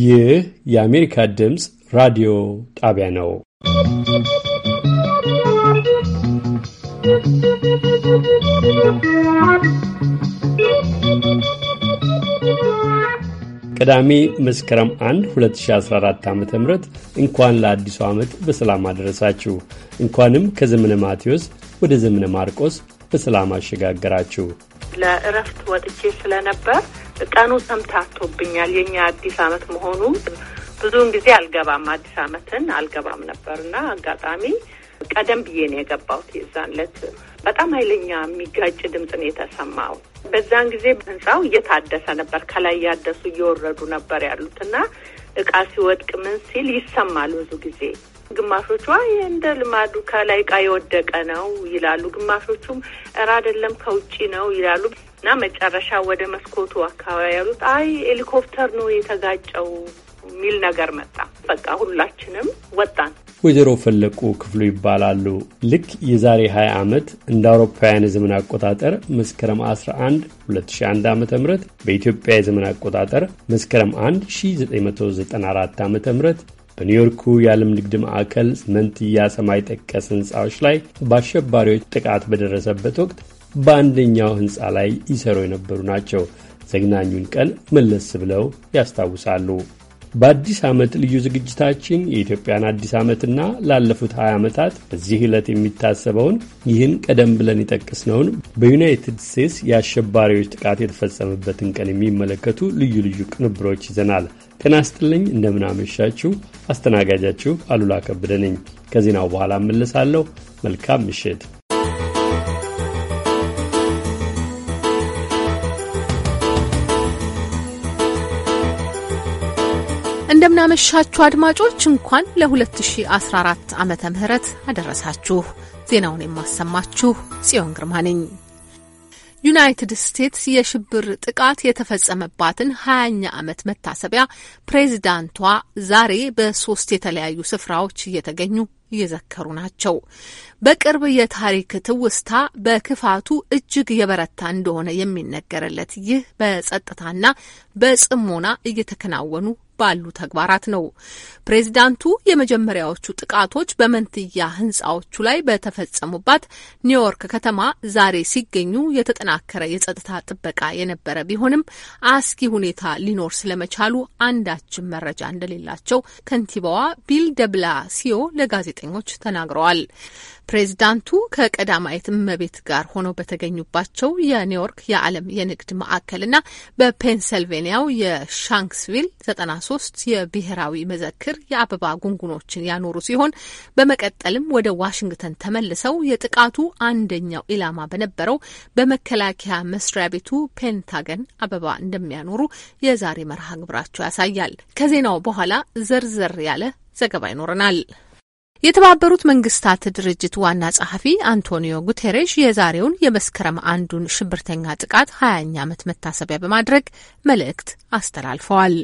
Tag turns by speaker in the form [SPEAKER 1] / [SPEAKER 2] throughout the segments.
[SPEAKER 1] ይህ የአሜሪካ ድምፅ ራዲዮ ጣቢያ ነው። ቅዳሜ መስከረም 1 2014 ዓ ም እንኳን ለአዲሱ ዓመት በሰላም አደረሳችሁ። እንኳንም ከዘመነ ማቴዎስ ወደ ዘመነ ማርቆስ በሰላም አሸጋገራችሁ።
[SPEAKER 2] ለእረፍት ወጥቼ ስለነበር ቀኑ ሰምታቶብኛል። የኛ አዲስ አመት መሆኑ ብዙውን ጊዜ አልገባም፣ አዲስ አመትን አልገባም ነበር አጋጣሚ ቀደም ብዬ ነው የገባሁት። የዛን ዕለት በጣም ኃይለኛ የሚጋጭ ድምፅ ነው የተሰማው። በዛን ጊዜ ህንፃው እየታደሰ ነበር፣ ከላይ ያደሱ እየወረዱ ነበር ያሉት እቃ ሲወድቅ ምን ሲል ይሰማል ብዙ ጊዜ ግማሾቹ አይ እንደ ልማዱ ከላይ እቃ የወደቀ ነው ይላሉ። ግማሾቹም እረ አይደለም ከውጭ ነው ይላሉ። እና መጨረሻ ወደ መስኮቱ አካባቢ ያሉት አይ ሄሊኮፕተር ነው የተጋጨው የሚል ነገር መጣ። በቃ ሁላችንም
[SPEAKER 1] ወጣን። ወይዘሮ ፈለቁ ክፍሉ ይባላሉ። ልክ የዛሬ 20 ዓመት እንደ አውሮፓውያን የዘመን አቆጣጠር መስከረም 11 2001 ዓ ም በኢትዮጵያ የዘመን አቆጣጠር መስከረም 1 1994 ዓ ም በኒውዮርኩ የዓለም ንግድ ማዕከል መንትያ ሰማይ ጠቀስ ህንፃዎች ላይ በአሸባሪዎች ጥቃት በደረሰበት ወቅት በአንደኛው ህንፃ ላይ ይሰሩ የነበሩ ናቸው። ዘግናኙን ቀን መለስ ብለው ያስታውሳሉ። በአዲስ ዓመት ልዩ ዝግጅታችን የኢትዮጵያን አዲስ ዓመትና ላለፉት 20 ዓመታት በዚህ ዕለት የሚታሰበውን ይህን ቀደም ብለን የጠቀስነውን በዩናይትድ ስቴትስ የአሸባሪዎች ጥቃት የተፈጸመበትን ቀን የሚመለከቱ ልዩ ልዩ ቅንብሮች ይዘናል። ጤና ይስጥልኝ፣ እንደምናመሻችሁ። አስተናጋጃችሁ አሉላ ከበደ ነኝ። ከዜናው በኋላ እመለሳለሁ። መልካም ምሽት።
[SPEAKER 3] እንደምናመሻችሁ አድማጮች እንኳን ለ2014 ዓመተ ምህረት አደረሳችሁ። ዜናውን የማሰማችሁ ጽዮን ግርማ ነኝ። ዩናይትድ ስቴትስ የሽብር ጥቃት የተፈጸመባትን ሀያኛ ዓመት መታሰቢያ ፕሬዚዳንቷ ዛሬ በሶስት የተለያዩ ስፍራዎች እየተገኙ እየዘከሩ ናቸው። በቅርብ የታሪክ ትውስታ በክፋቱ እጅግ የበረታ እንደሆነ የሚነገርለት ይህ በጸጥታና በጽሞና እየተከናወኑ ባሉ ተግባራት ነው። ፕሬዚዳንቱ የመጀመሪያዎቹ ጥቃቶች በመንትያ ህንጻዎቹ ላይ በተፈጸሙባት ኒውዮርክ ከተማ ዛሬ ሲገኙ የተጠናከረ የጸጥታ ጥበቃ የነበረ ቢሆንም አስጊ ሁኔታ ሊኖር ስለመቻሉ አንዳችም መረጃ እንደሌላቸው ከንቲባዋ ቢል ደብላ ሲዮ ለጋዜጠኞች ተናግረዋል። ፕሬዚዳንቱ ከቀዳማዊት እመቤት ጋር ሆነው በተገኙባቸው የኒውዮርክ የዓለም የንግድ ማዕከልና በፔንሰልቬኒያው የሻንክስቪል 93 የብሔራዊ መዘክር የአበባ ጉንጉኖችን ያኖሩ ሲሆን በመቀጠልም ወደ ዋሽንግተን ተመልሰው የጥቃቱ አንደኛው ኢላማ በነበረው በመከላከያ መስሪያ ቤቱ ፔንታገን አበባ እንደሚያኖሩ የዛሬ መርሃ ግብራቸው ያሳያል። ከዜናው በኋላ ዘርዘር ያለ ዘገባ ይኖረናል። የተባበሩት መንግስታት ድርጅት ዋና ጸሐፊ አንቶኒዮ ጉቴሬሽ የዛሬውን የመስከረም አንዱን ሽብርተኛ ጥቃት ሀያኛ ዓመት መታሰቢያ በማድረግ መልእክት አስተላልፈዋል።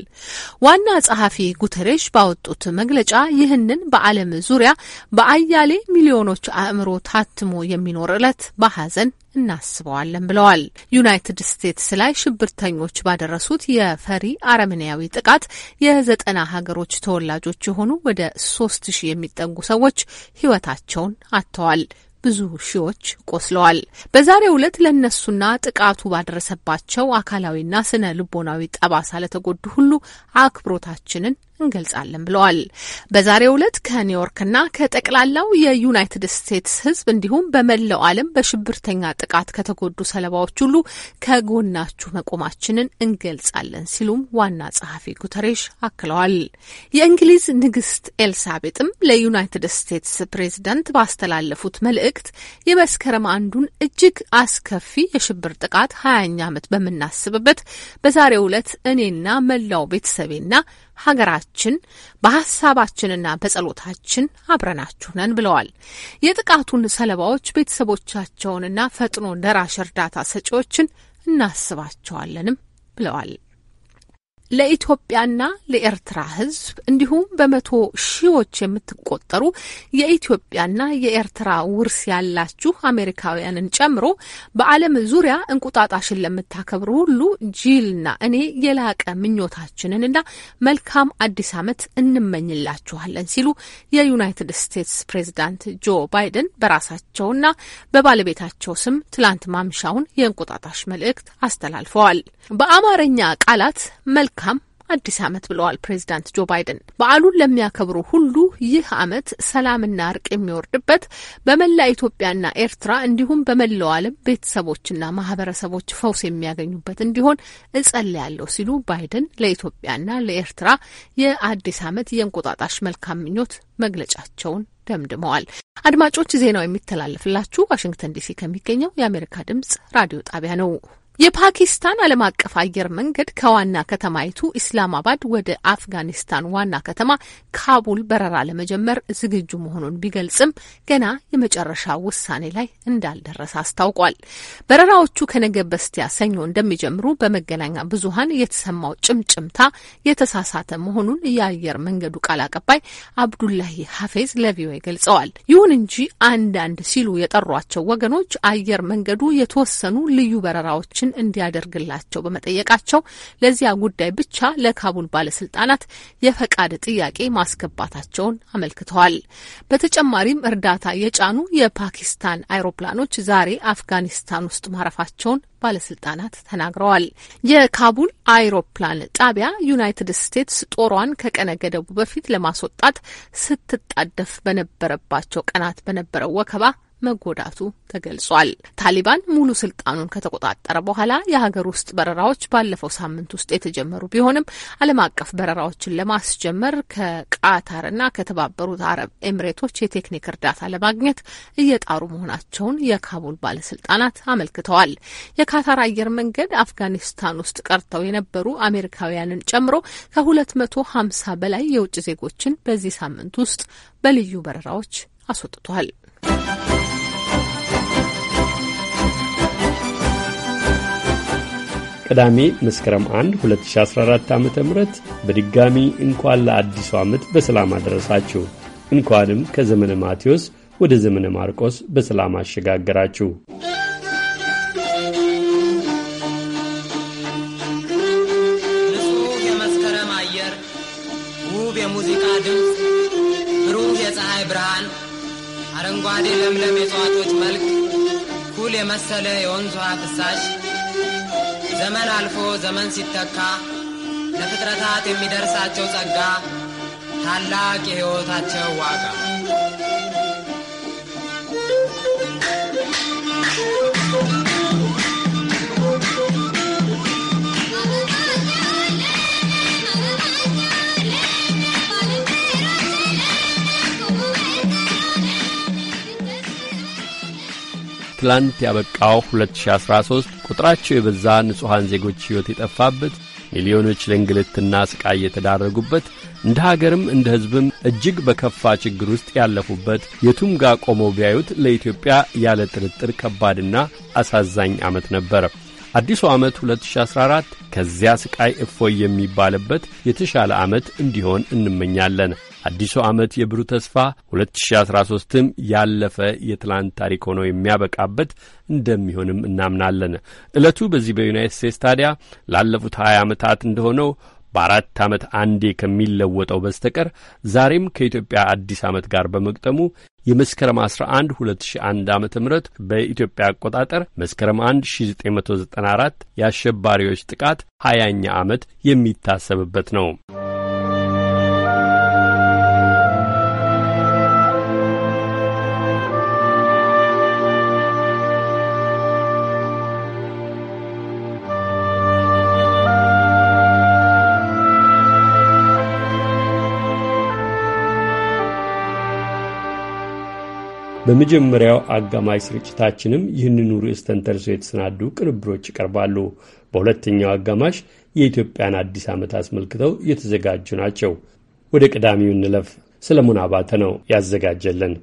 [SPEAKER 3] ዋና ጸሐፊ ጉቴሬሽ ባወጡት መግለጫ ይህንን በዓለም ዙሪያ በአያሌ ሚሊዮኖች አእምሮ ታትሞ የሚኖር ዕለት በሀዘን እናስበዋለን ብለዋል። ዩናይትድ ስቴትስ ላይ ሽብርተኞች ባደረሱት የፈሪ አረመኔያዊ ጥቃት የዘጠና ሀገሮች ተወላጆች የሆኑ ወደ ሶስት ሺህ የሚጠጉ ሰዎች ህይወታቸውን አጥተዋል። ብዙ ሺዎች ቆስለዋል። በዛሬው ዕለት ለእነሱና ጥቃቱ ባደረሰባቸው አካላዊና ስነ ልቦናዊ ጠባሳ ለተጎዱ ሁሉ አክብሮታችንን እንገልጻለን ብለዋል። በዛሬው ዕለት ከኒውዮርክና ከጠቅላላው የዩናይትድ ስቴትስ ሕዝብ እንዲሁም በመላው ዓለም በሽብርተኛ ጥቃት ከተጎዱ ሰለባዎች ሁሉ ከጎናችሁ መቆማችንን እንገልጻለን ሲሉም ዋና ጸሐፊ ጉተሬሽ አክለዋል። የእንግሊዝ ንግስት ኤልሳቤጥም ለዩናይትድ ስቴትስ ፕሬዝዳንት ባስተላለፉት መልእክት የመስከረም አንዱን እጅግ አስከፊ የሽብር ጥቃት ሀያኛ ዓመት በምናስብበት በዛሬው ዕለት እኔና መላው ቤተሰቤና ሀገራችን በሀሳባችንና በጸሎታችን አብረናችሁ ነን ብለዋል። የጥቃቱን ሰለባዎች ቤተሰቦቻቸውንና ፈጥኖ ደራሽ እርዳታ ሰጪዎችን እናስባቸዋለንም ብለዋል። ለኢትዮጵያና ለኤርትራ ሕዝብ እንዲሁም በመቶ ሺዎች የምትቆጠሩ የኢትዮጵያና የኤርትራ ውርስ ያላችሁ አሜሪካውያንን ጨምሮ በዓለም ዙሪያ እንቁጣጣሽን ለምታከብሩ ሁሉ ጂልና እኔ የላቀ ምኞታችንንና መልካም አዲስ ዓመት እንመኝላችኋለን ሲሉ የዩናይትድ ስቴትስ ፕሬዚዳንት ጆ ባይደን በራሳቸውና በባለቤታቸው ስም ትላንት ማምሻውን የእንቁጣጣሽ መልእክት አስተላልፈዋል። በአማርኛ ቃላት መልክ መልካም አዲስ ዓመት ብለዋል ፕሬዚዳንት ጆ ባይደን። በዓሉን ለሚያከብሩ ሁሉ ይህ ዓመት ሰላምና እርቅ የሚወርድበት በመላ ኢትዮጵያና ኤርትራ እንዲሁም በመላው ዓለም ቤተሰቦችና ማህበረሰቦች ፈውስ የሚያገኙበት እንዲሆን እጸልያለሁ ሲሉ ባይደን ለኢትዮጵያና ለኤርትራ የአዲስ ዓመት የእንቁጣጣሽ መልካም ምኞት መግለጫቸውን ደምድመዋል። አድማጮች ዜናው የሚተላለፍላችሁ ዋሽንግተን ዲሲ ከሚገኘው የአሜሪካ ድምጽ ራዲዮ ጣቢያ ነው። የፓኪስታን ዓለም አቀፍ አየር መንገድ ከዋና ከተማይቱ ኢስላማባድ ወደ አፍጋኒስታን ዋና ከተማ ካቡል በረራ ለመጀመር ዝግጁ መሆኑን ቢገልጽም ገና የመጨረሻ ውሳኔ ላይ እንዳልደረሰ አስታውቋል። በረራዎቹ ከነገ በስቲያ ሰኞ እንደሚጀምሩ በመገናኛ ብዙኃን የተሰማው ጭምጭምታ የተሳሳተ መሆኑን የአየር መንገዱ ቃል አቀባይ አብዱላሂ ሀፌዝ ለቪኦኤ ገልጸዋል። ይሁን እንጂ አንዳንድ ሲሉ የጠሯቸው ወገኖች አየር መንገዱ የተወሰኑ ልዩ በረራዎችን ነገሮችን እንዲያደርግላቸው በመጠየቃቸው ለዚያ ጉዳይ ብቻ ለካቡል ባለስልጣናት የፈቃድ ጥያቄ ማስገባታቸውን አመልክተዋል። በተጨማሪም እርዳታ የጫኑ የፓኪስታን አይሮፕላኖች ዛሬ አፍጋኒስታን ውስጥ ማረፋቸውን ባለስልጣናት ተናግረዋል። የካቡል አይሮፕላን ጣቢያ ዩናይትድ ስቴትስ ጦሯን ከቀነ ገደቡ በፊት ለማስወጣት ስትጣደፍ በነበረባቸው ቀናት በነበረው ወከባ መጎዳቱ ተገልጿል። ታሊባን ሙሉ ስልጣኑን ከተቆጣጠረ በኋላ የሀገር ውስጥ በረራዎች ባለፈው ሳምንት ውስጥ የተጀመሩ ቢሆንም ዓለም አቀፍ በረራዎችን ለማስጀመር ከቃታርና ከተባበሩት አረብ ኤምሬቶች የቴክኒክ እርዳታ ለማግኘት እየጣሩ መሆናቸውን የካቡል ባለስልጣናት አመልክተዋል። የካታር አየር መንገድ አፍጋኒስታን ውስጥ ቀርተው የነበሩ አሜሪካውያንን ጨምሮ ከሁለት መቶ ሀምሳ በላይ የውጭ ዜጎችን በዚህ ሳምንት ውስጥ በልዩ በረራዎች አስወጥቷል።
[SPEAKER 1] ቅዳሜ መስከረም 1 2014 ዓ ም በድጋሚ እንኳን ለአዲሱ ዓመት በሰላም አደረሳችሁ። እንኳንም ከዘመነ ማቴዎስ ወደ ዘመነ ማርቆስ በሰላም አሸጋገራችሁ።
[SPEAKER 4] ንጹሕ የመስከረም አየር፣ ውብ የሙዚቃ ድምፅ፣ ብሩህ የፀሐይ ብርሃን፣ አረንጓዴ ለምለም የእጽዋቶች መልክ፣ ኩል የመሰለ የወንዝ ውሃ ፍሳሽ ዘመን አልፎ ዘመን ሲተካ ለፍጥረታት የሚደርሳቸው ጸጋ ታላቅ የሕይወታቸው ዋጋ
[SPEAKER 1] ትላንት ያበቃው 2013 ቁጥራቸው የበዛ ንጹሐን ዜጎች ሕይወት የጠፋበት ሚሊዮኖች ለእንግልትና ሥቃይ የተዳረጉበት እንደ ሀገርም እንደ ሕዝብም እጅግ በከፋ ችግር ውስጥ ያለፉበት የቱም ጋ ቆመው ቢያዩት ለኢትዮጵያ ያለ ጥርጥር ከባድና አሳዛኝ ዓመት ነበር። አዲሱ ዓመት 2014 ከዚያ ሥቃይ እፎይ የሚባልበት የተሻለ ዓመት እንዲሆን እንመኛለን። አዲሱ ዓመት የብሩህ ተስፋ 2013ም ያለፈ የትላንት ታሪክ ሆኖ የሚያበቃበት እንደሚሆንም እናምናለን። ዕለቱ በዚህ በዩናይትድ ስቴትስ ታዲያ ላለፉት 20 ዓመታት እንደሆነው በአራት ዓመት አንዴ ከሚለወጠው በስተቀር ዛሬም ከኢትዮጵያ አዲስ ዓመት ጋር በመግጠሙ የመስከረም 11 2001 ዓ ም በኢትዮጵያ አቆጣጠር መስከረም 1 1994 የአሸባሪዎች ጥቃት 20ኛ ዓመት የሚታሰብበት ነው። በመጀመሪያው አጋማሽ ስርጭታችንም ይህንኑ ርዕስ ተንተርሶ የተሰናዱ ቅንብሮች ይቀርባሉ። በሁለተኛው አጋማሽ የኢትዮጵያን አዲስ ዓመት አስመልክተው የተዘጋጁ ናቸው። ወደ ቀዳሚው እንለፍ። ሰለሞን አባተ ነው ያዘጋጀልን።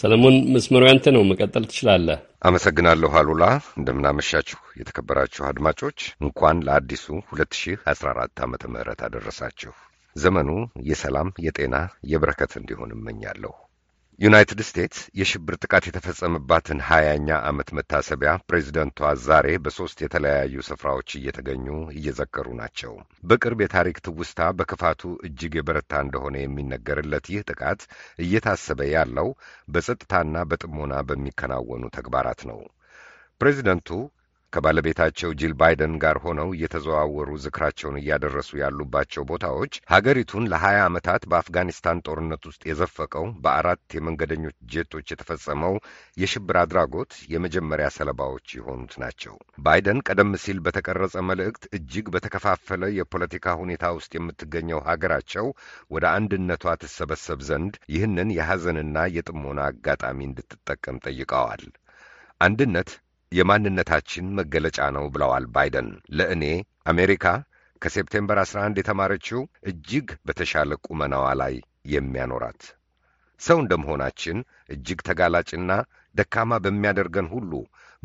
[SPEAKER 5] ሰለሞን፣ መስመሩ ያንተ ነው፣ መቀጠል ትችላለህ። አመሰግናለሁ አሉላ። እንደምናመሻችሁ የተከበራችሁ አድማጮች፣ እንኳን ለአዲሱ 2014 ዓ ም አደረሳችሁ። ዘመኑ የሰላም የጤና የበረከት እንዲሆን እመኛለሁ። ዩናይትድ ስቴትስ የሽብር ጥቃት የተፈጸመባትን ሀያኛ ዓመት መታሰቢያ ፕሬዚደንቷ ዛሬ በሦስት የተለያዩ ስፍራዎች እየተገኙ እየዘከሩ ናቸው። በቅርብ የታሪክ ትውስታ በክፋቱ እጅግ የበረታ እንደሆነ የሚነገርለት ይህ ጥቃት እየታሰበ ያለው በጸጥታና በጥሞና በሚከናወኑ ተግባራት ነው። ፕሬዚደንቱ ከባለቤታቸው ጂል ባይደን ጋር ሆነው እየተዘዋወሩ ዝክራቸውን እያደረሱ ያሉባቸው ቦታዎች ሀገሪቱን ለሀያ ዓመታት በአፍጋኒስታን ጦርነት ውስጥ የዘፈቀው በአራት የመንገደኞች ጄቶች የተፈጸመው የሽብር አድራጎት የመጀመሪያ ሰለባዎች የሆኑት ናቸው። ባይደን ቀደም ሲል በተቀረጸ መልእክት እጅግ በተከፋፈለ የፖለቲካ ሁኔታ ውስጥ የምትገኘው ሀገራቸው ወደ አንድነቷ ትሰበሰብ ዘንድ ይህንን የሐዘንና የጥሞና አጋጣሚ እንድትጠቀም ጠይቀዋል። አንድነት የማንነታችን መገለጫ ነው ብለዋል ባይደን። ለእኔ አሜሪካ ከሴፕቴምበር 11 የተማረችው እጅግ በተሻለ ቁመናዋ ላይ የሚያኖራት ሰው እንደመሆናችን እጅግ ተጋላጭና ደካማ በሚያደርገን ሁሉ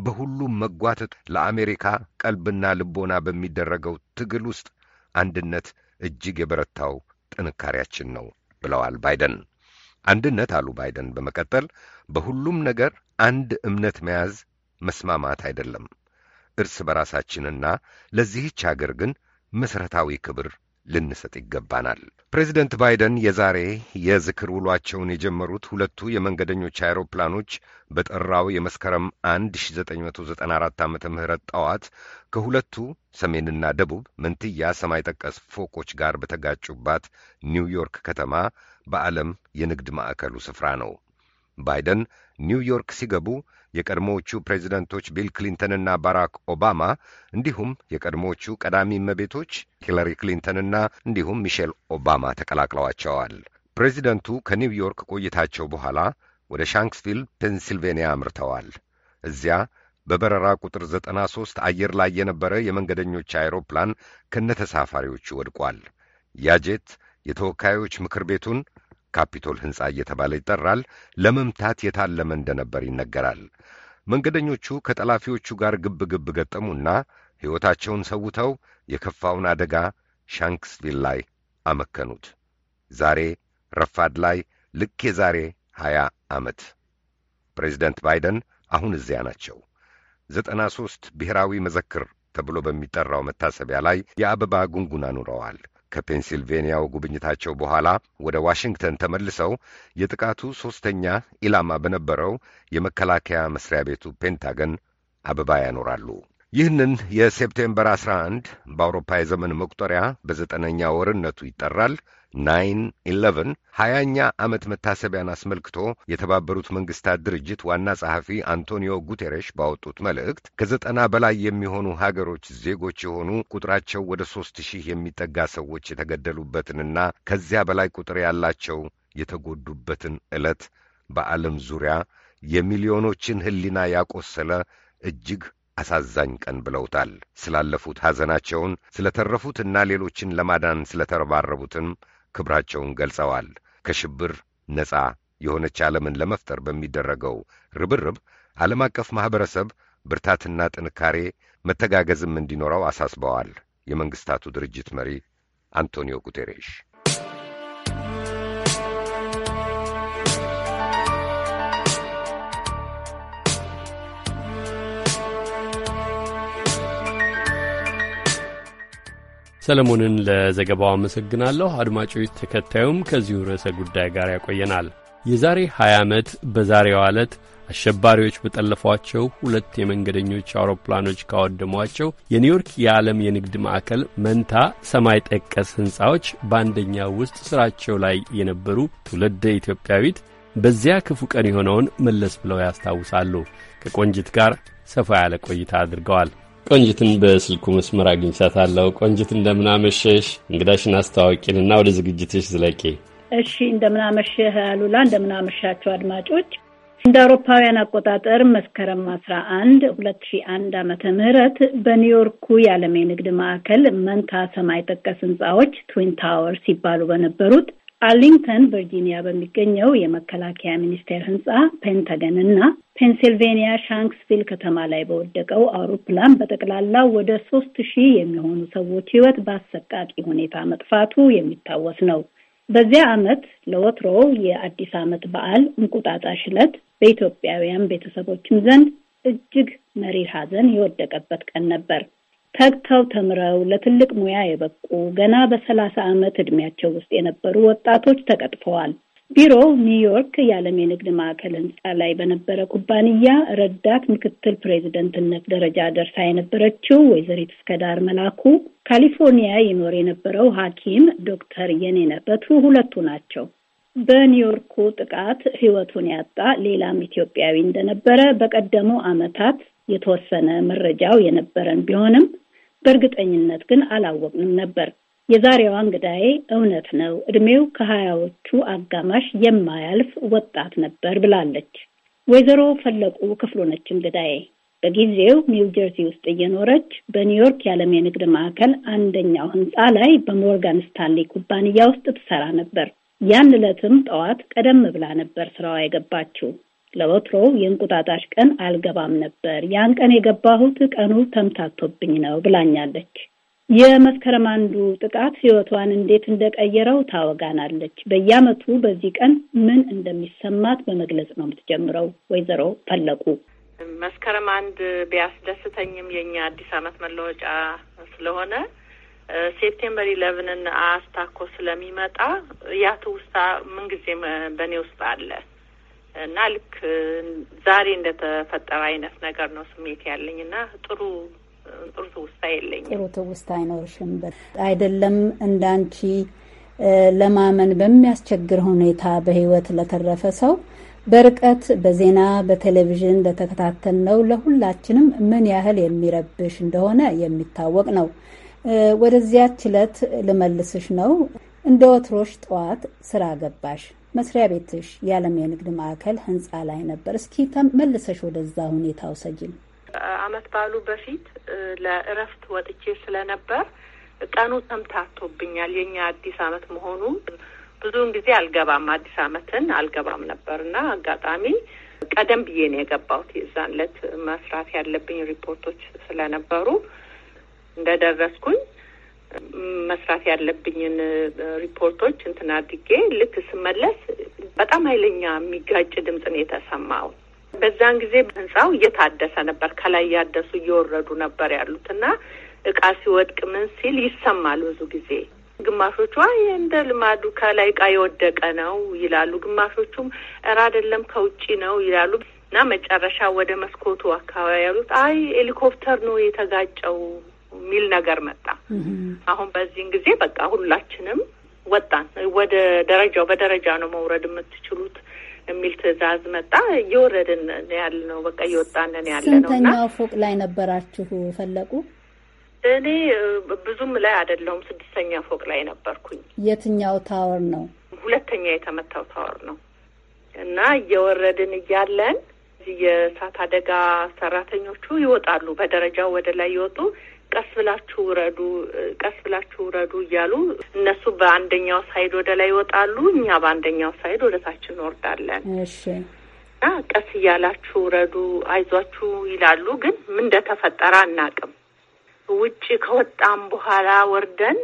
[SPEAKER 5] በሁሉም መጓተት ለአሜሪካ ቀልብና ልቦና በሚደረገው ትግል ውስጥ አንድነት እጅግ የበረታው ጥንካሬያችን ነው ብለዋል ባይደን። አንድነት አሉ ባይደን በመቀጠል በሁሉም ነገር አንድ እምነት መያዝ መስማማት አይደለም፣ እርስ በራሳችንና ለዚህች አገር ግን መሠረታዊ ክብር ልንሰጥ ይገባናል። ፕሬዚደንት ባይደን የዛሬ የዝክር ውሏቸውን የጀመሩት ሁለቱ የመንገደኞች አይሮፕላኖች በጠራው የመስከረም 1994 ዓ ም ጠዋት ከሁለቱ ሰሜንና ደቡብ መንትያ ሰማይ ጠቀስ ፎቆች ጋር በተጋጩባት ኒውዮርክ ከተማ በዓለም የንግድ ማዕከሉ ስፍራ ነው። ባይደን ኒውዮርክ ሲገቡ የቀድሞዎቹ ፕሬዚደንቶች ቢል ክሊንተንና ባራክ ኦባማ እንዲሁም የቀድሞዎቹ ቀዳሚ እመቤቶች ሂለሪ ክሊንተንና እንዲሁም ሚሼል ኦባማ ተቀላቅለዋቸዋል። ፕሬዚደንቱ ከኒውዮርክ ቆይታቸው በኋላ ወደ ሻንክስቪል ፔንሲልቬንያ አምርተዋል። እዚያ በበረራ ቁጥር ዘጠና ሦስት አየር ላይ የነበረ የመንገደኞች አይሮፕላን ከነተሳፋሪዎቹ ወድቋል። ያጄት የተወካዮች ምክር ቤቱን ካፒቶል ሕንፃ እየተባለ ይጠራል፣ ለመምታት የታለመ እንደነበር ይነገራል። መንገደኞቹ ከጠላፊዎቹ ጋር ግብ ግብ ገጠሙና ሕይወታቸውን ሰውተው የከፋውን አደጋ ሻንክስቪል ላይ አመከኑት። ዛሬ ረፋድ ላይ ልክ የዛሬ ሀያ ዓመት ፕሬዚደንት ባይደን አሁን እዚያ ናቸው። ዘጠና ሦስት ብሔራዊ መዘክር ተብሎ በሚጠራው መታሰቢያ ላይ የአበባ ጉንጉን አኑረዋል። ከፔንሲልቬንያው ጉብኝታቸው በኋላ ወደ ዋሽንግተን ተመልሰው የጥቃቱ ሦስተኛ ኢላማ በነበረው የመከላከያ መስሪያ ቤቱ ፔንታገን አበባ ያኖራሉ። ይህንን የሴፕቴምበር 11 በአውሮፓ የዘመን መቁጠሪያ በዘጠነኛ ወርነቱ ይጠራል። ናይን ኢለቨን ሀያኛ ዓመት መታሰቢያን አስመልክቶ የተባበሩት መንግስታት ድርጅት ዋና ጸሐፊ አንቶኒዮ ጉቴሬሽ ባወጡት መልእክት ከዘጠና በላይ የሚሆኑ ሀገሮች ዜጎች የሆኑ ቁጥራቸው ወደ ሦስት ሺህ የሚጠጋ ሰዎች የተገደሉበትንና ከዚያ በላይ ቁጥር ያላቸው የተጎዱበትን ዕለት በዓለም ዙሪያ የሚሊዮኖችን ሕሊና ያቆሰለ እጅግ አሳዛኝ ቀን ብለውታል። ስላለፉት ሐዘናቸውን ተረፉትና ሌሎችን ለማዳን ተረባረቡትም ክብራቸውን ገልጸዋል። ከሽብር ነፃ የሆነች ዓለምን ለመፍጠር በሚደረገው ርብርብ ዓለም አቀፍ ማኅበረሰብ ብርታትና ጥንካሬ መተጋገዝም እንዲኖረው አሳስበዋል። የመንግሥታቱ ድርጅት መሪ አንቶኒዮ ጉቴሬሽ
[SPEAKER 1] ሰለሞንን ለዘገባው አመሰግናለሁ። አድማጮች፣ ተከታዩም ከዚሁ ርዕሰ ጉዳይ ጋር ያቆየናል። የዛሬ 20 ዓመት በዛሬዋ ዕለት አሸባሪዎች በጠለፏቸው ሁለት የመንገደኞች አውሮፕላኖች ካወደሟቸው የኒውዮርክ የዓለም የንግድ ማዕከል መንታ ሰማይ ጠቀስ ሕንፃዎች በአንደኛው ውስጥ ሥራቸው ላይ የነበሩ ትውልደ ኢትዮጵያዊት በዚያ ክፉ ቀን የሆነውን መለስ ብለው ያስታውሳሉ። ከቆንጅት ጋር ሰፋ ያለ ቆይታ አድርገዋል። ቆንጅትን በስልኩ መስመር አግኝቻታለሁ። ቆንጅት እንደምናመሸሽ፣ እንግዳሽን አስተዋወቂንና ወደ ዝግጅትሽ ዝለቂ።
[SPEAKER 6] እሺ እንደምናመሸህ አሉላ፣ እንደምናመሻቸው አድማጮች እንደ አውሮፓውያን አቆጣጠር መስከረም አስራ አንድ ሁለት ሺ አንድ ዓመተ ምህረት በኒውዮርኩ የዓለም የንግድ ማዕከል መንታ ሰማይ ጠቀስ ህንፃዎች ትዊን ታወርስ ሲባሉ በነበሩት አርሊንግተን ቨርጂኒያ በሚገኘው የመከላከያ ሚኒስቴር ህንፃ ፔንታገን እና ፔንሲልቬኒያ ሻንክስቪል ከተማ ላይ በወደቀው አውሮፕላን በጠቅላላው ወደ ሶስት ሺህ የሚሆኑ ሰዎች ህይወት በአሰቃቂ ሁኔታ መጥፋቱ የሚታወስ ነው። በዚያ ዓመት ለወትሮው የአዲስ ዓመት በዓል እንቁጣጣሽ ዕለት በኢትዮጵያውያን ቤተሰቦችም ዘንድ እጅግ መሪር ሐዘን የወደቀበት ቀን ነበር። ተግተው ተምረው ለትልቅ ሙያ የበቁ ገና በሰላሳ ዓመት ዕድሜያቸው ውስጥ የነበሩ ወጣቶች ተቀጥፈዋል። ቢሮው ኒውዮርክ የዓለም የንግድ ማዕከል ህንፃ ላይ በነበረ ኩባንያ ረዳት ምክትል ፕሬዚደንትነት ደረጃ ደርሳ የነበረችው ወይዘሪት እስከዳር መላኩ፣ ካሊፎርኒያ ይኖር የነበረው ሐኪም ዶክተር የኔነ በትሩ ሁለቱ ናቸው። በኒውዮርኩ ጥቃት ህይወቱን ያጣ ሌላም ኢትዮጵያዊ እንደነበረ በቀደሙ ዓመታት የተወሰነ መረጃው የነበረን ቢሆንም በእርግጠኝነት ግን አላወቅንም ነበር። የዛሬዋ እንግዳዬ እውነት ነው እድሜው ከሀያዎቹ አጋማሽ የማያልፍ ወጣት ነበር ብላለች። ወይዘሮ ፈለቁ ክፍሉ ነች እንግዳዬ። በጊዜው ኒው ጀርሲ ውስጥ እየኖረች በኒውዮርክ የዓለም የንግድ ማዕከል አንደኛው ህንፃ ላይ በሞርጋን ስታንሌ ኩባንያ ውስጥ ትሰራ ነበር። ያን ዕለትም ጠዋት ቀደም ብላ ነበር ስራዋ የገባችው። ለወትሮው የእንቁጣጣሽ ቀን አልገባም ነበር። ያን ቀን የገባሁት ቀኑ ተምታቶብኝ ነው ብላኛለች። የመስከረም አንዱ ጥቃት ህይወቷን እንዴት እንደቀየረው ታወጋናለች። በየአመቱ በዚህ ቀን ምን እንደሚሰማት በመግለጽ ነው የምትጀምረው ወይዘሮ ፈለቁ።
[SPEAKER 2] መስከረም አንድ ቢያስደስተኝም የኛ አዲስ አመት መለወጫ ስለሆነ ሴፕቴምበር ኢለቭንን አስታኮ ስለሚመጣ ያ ትውስታ ምንጊዜም በእኔ ውስጥ አለ። እና ልክ ዛሬ እንደተፈጠረ አይነት ነገር ነው ስሜት ያለኝ እና ጥሩ ጥሩ ትውስታ የለኝም።
[SPEAKER 6] ጥሩ ትውስታ አይኖርሽም። አይደለም እንዳንቺ ለማመን በሚያስቸግር ሁኔታ በህይወት ለተረፈ ሰው በርቀት በዜና በቴሌቪዥን ነው ለሁላችንም ምን ያህል የሚረብሽ እንደሆነ የሚታወቅ ነው። ወደዚያች ዕለት ልመልስሽ ነው። እንደ ወትሮሽ ጠዋት ስራ ገባሽ። መስሪያ ቤትሽ የዓለም የንግድ ማዕከል ህንፃ ላይ ነበር። እስኪ ተመልሰሽ ወደዛ ሁኔታ ውሰጂን።
[SPEAKER 2] አመት ባሉ በፊት ለእረፍት ወጥቼ ስለነበር ቀኑ ተምታቶብኛል። የኛ አዲስ አመት መሆኑ ብዙውን ጊዜ አልገባም፣ አዲስ አመትን አልገባም ነበር እና አጋጣሚ ቀደም ብዬ ነው የገባሁት። የዛን ዕለት መስራት ያለብኝ ሪፖርቶች ስለነበሩ እንደደረስኩኝ መስራት ያለብኝን ሪፖርቶች እንትን አድርጌ ልክ ስመለስ በጣም ኃይለኛ የሚጋጭ ድምፅ ነው የተሰማው። በዛን ጊዜ ህንፃው እየታደሰ ነበር። ከላይ ያደሱ እየወረዱ ነበር ያሉት እና እቃ ሲወድቅ ምን ሲል ይሰማል ብዙ ጊዜ። ግማሾቹ አይ እንደ ልማዱ ከላይ እቃ የወደቀ ነው ይላሉ። ግማሾቹም እረ አይደለም ከውጪ ነው ይላሉ። እና መጨረሻ ወደ መስኮቱ አካባቢ ያሉት አይ ሄሊኮፕተር ነው የተጋጨው የሚል ነገር መጣ። አሁን በዚህን ጊዜ በቃ ሁላችንም ወጣን። ወደ ደረጃው በደረጃ ነው መውረድ የምትችሉት የሚል ትዕዛዝ መጣ። እየወረድን ያለ ነው በቃ እየወጣንን ያለ ነው። ስንተኛ
[SPEAKER 6] ፎቅ ላይ ነበራችሁ ፈለቁ?
[SPEAKER 2] እኔ ብዙም ላይ አይደለሁም፣ ስድስተኛ ፎቅ ላይ ነበርኩኝ።
[SPEAKER 6] የትኛው ታወር ነው?
[SPEAKER 2] ሁለተኛ የተመታው ታወር ነው። እና እየወረድን እያለን የእሳት አደጋ ሰራተኞቹ ይወጣሉ። በደረጃው ወደ ላይ ይወጡ ቀስ ብላችሁ ውረዱ፣ ቀስ ብላችሁ ውረዱ እያሉ እነሱ በአንደኛው ሳይድ ወደ ላይ ይወጣሉ፣ እኛ በአንደኛው ሳይድ ወደ ታች እንወርዳለን።
[SPEAKER 6] እና
[SPEAKER 2] ቀስ እያላችሁ ውረዱ፣ አይዟችሁ ይላሉ። ግን ምን እንደተፈጠረ አናቅም። ውጭ ከወጣም በኋላ ወርደን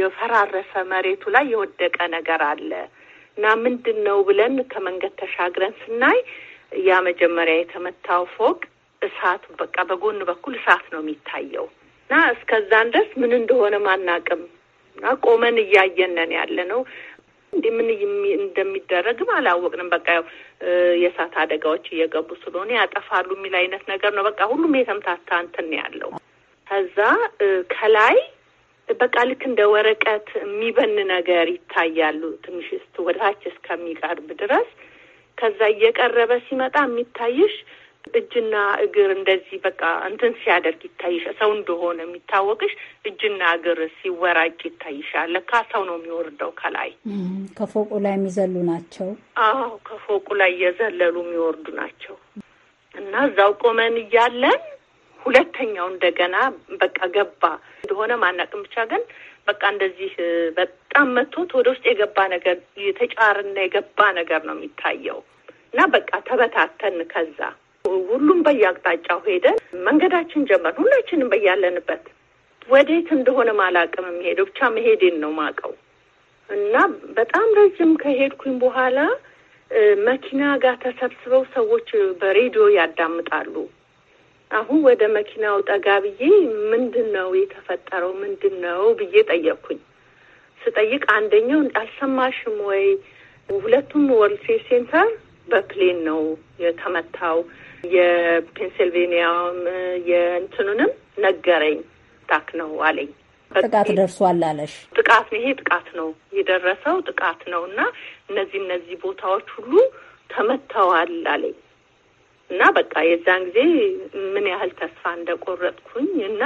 [SPEAKER 2] የፈራረሰ መሬቱ ላይ የወደቀ ነገር አለ እና ምንድን ነው ብለን ከመንገድ ተሻግረን ስናይ ያ መጀመሪያ የተመታው ፎቅ እሳት በቃ በጎን በኩል እሳት ነው የሚታየው። እና እስከዛን ድረስ ምን እንደሆነ ማናቅም እና ቆመን እያየነን ያለ ነው። እንዲህ ምን እንደሚደረግም አላወቅንም። በቃ የእሳት አደጋዎች እየገቡ ስለሆነ ያጠፋሉ የሚል አይነት ነገር ነው። በቃ ሁሉም የተምታታ እንትን ያለው ከዛ ከላይ በቃ ልክ እንደ ወረቀት የሚበን ነገር ይታያሉ ትንሽ ወደ ታች እስከሚቀርብ ድረስ ከዛ እየቀረበ ሲመጣ የሚታይሽ እጅና እግር እንደዚህ በቃ እንትን ሲያደርግ ይታይሽ ሰው እንደሆነ የሚታወቅሽ እጅና እግር ሲወራጭ ይታይሻል። ለካ ሰው ነው የሚወርደው ከላይ
[SPEAKER 6] ከፎቁ ላይ የሚዘሉ ናቸው።
[SPEAKER 2] አዎ ከፎቁ ላይ እየዘለሉ የሚወርዱ ናቸው። እና እዛው ቆመን እያለን ሁለተኛው እንደገና በቃ ገባ እንደሆነ ማናቅም ብቻ ግን በቃ እንደዚህ በጣም መቶት ወደ ውስጥ የገባ ነገር የተጫርና የገባ ነገር ነው የሚታየው እና በቃ ተበታተን ከዛ ሁሉም በየአቅጣጫው ሄደን መንገዳችን ጀመር። ሁላችንም በያለንበት ወዴት እንደሆነ ማላቅም የሚሄደው ብቻ መሄዴን ነው ማቀው እና በጣም ረጅም ከሄድኩኝ በኋላ መኪና ጋር ተሰብስበው ሰዎች በሬዲዮ ያዳምጣሉ። አሁን ወደ መኪናው ጠጋ ብዬ ምንድን ነው የተፈጠረው ምንድን ነው ብዬ ጠየቅኩኝ። ስጠይቅ አንደኛው አልሰማሽም ወይ? ሁለቱም ወርልድ ትሬድ ሴንተር በፕሌን ነው የተመታው። የፔንሲልቬኒያም የእንትኑንም ነገረኝ። ታክ ነው አለኝ። ጥቃት
[SPEAKER 6] ደርሷል አለሽ።
[SPEAKER 2] ጥቃት ይሄ ጥቃት ነው የደረሰው ጥቃት ነው እና እነዚህ እነዚህ ቦታዎች ሁሉ ተመተዋል አለኝ እና በቃ የዛን ጊዜ ምን ያህል ተስፋ እንደቆረጥኩኝ እና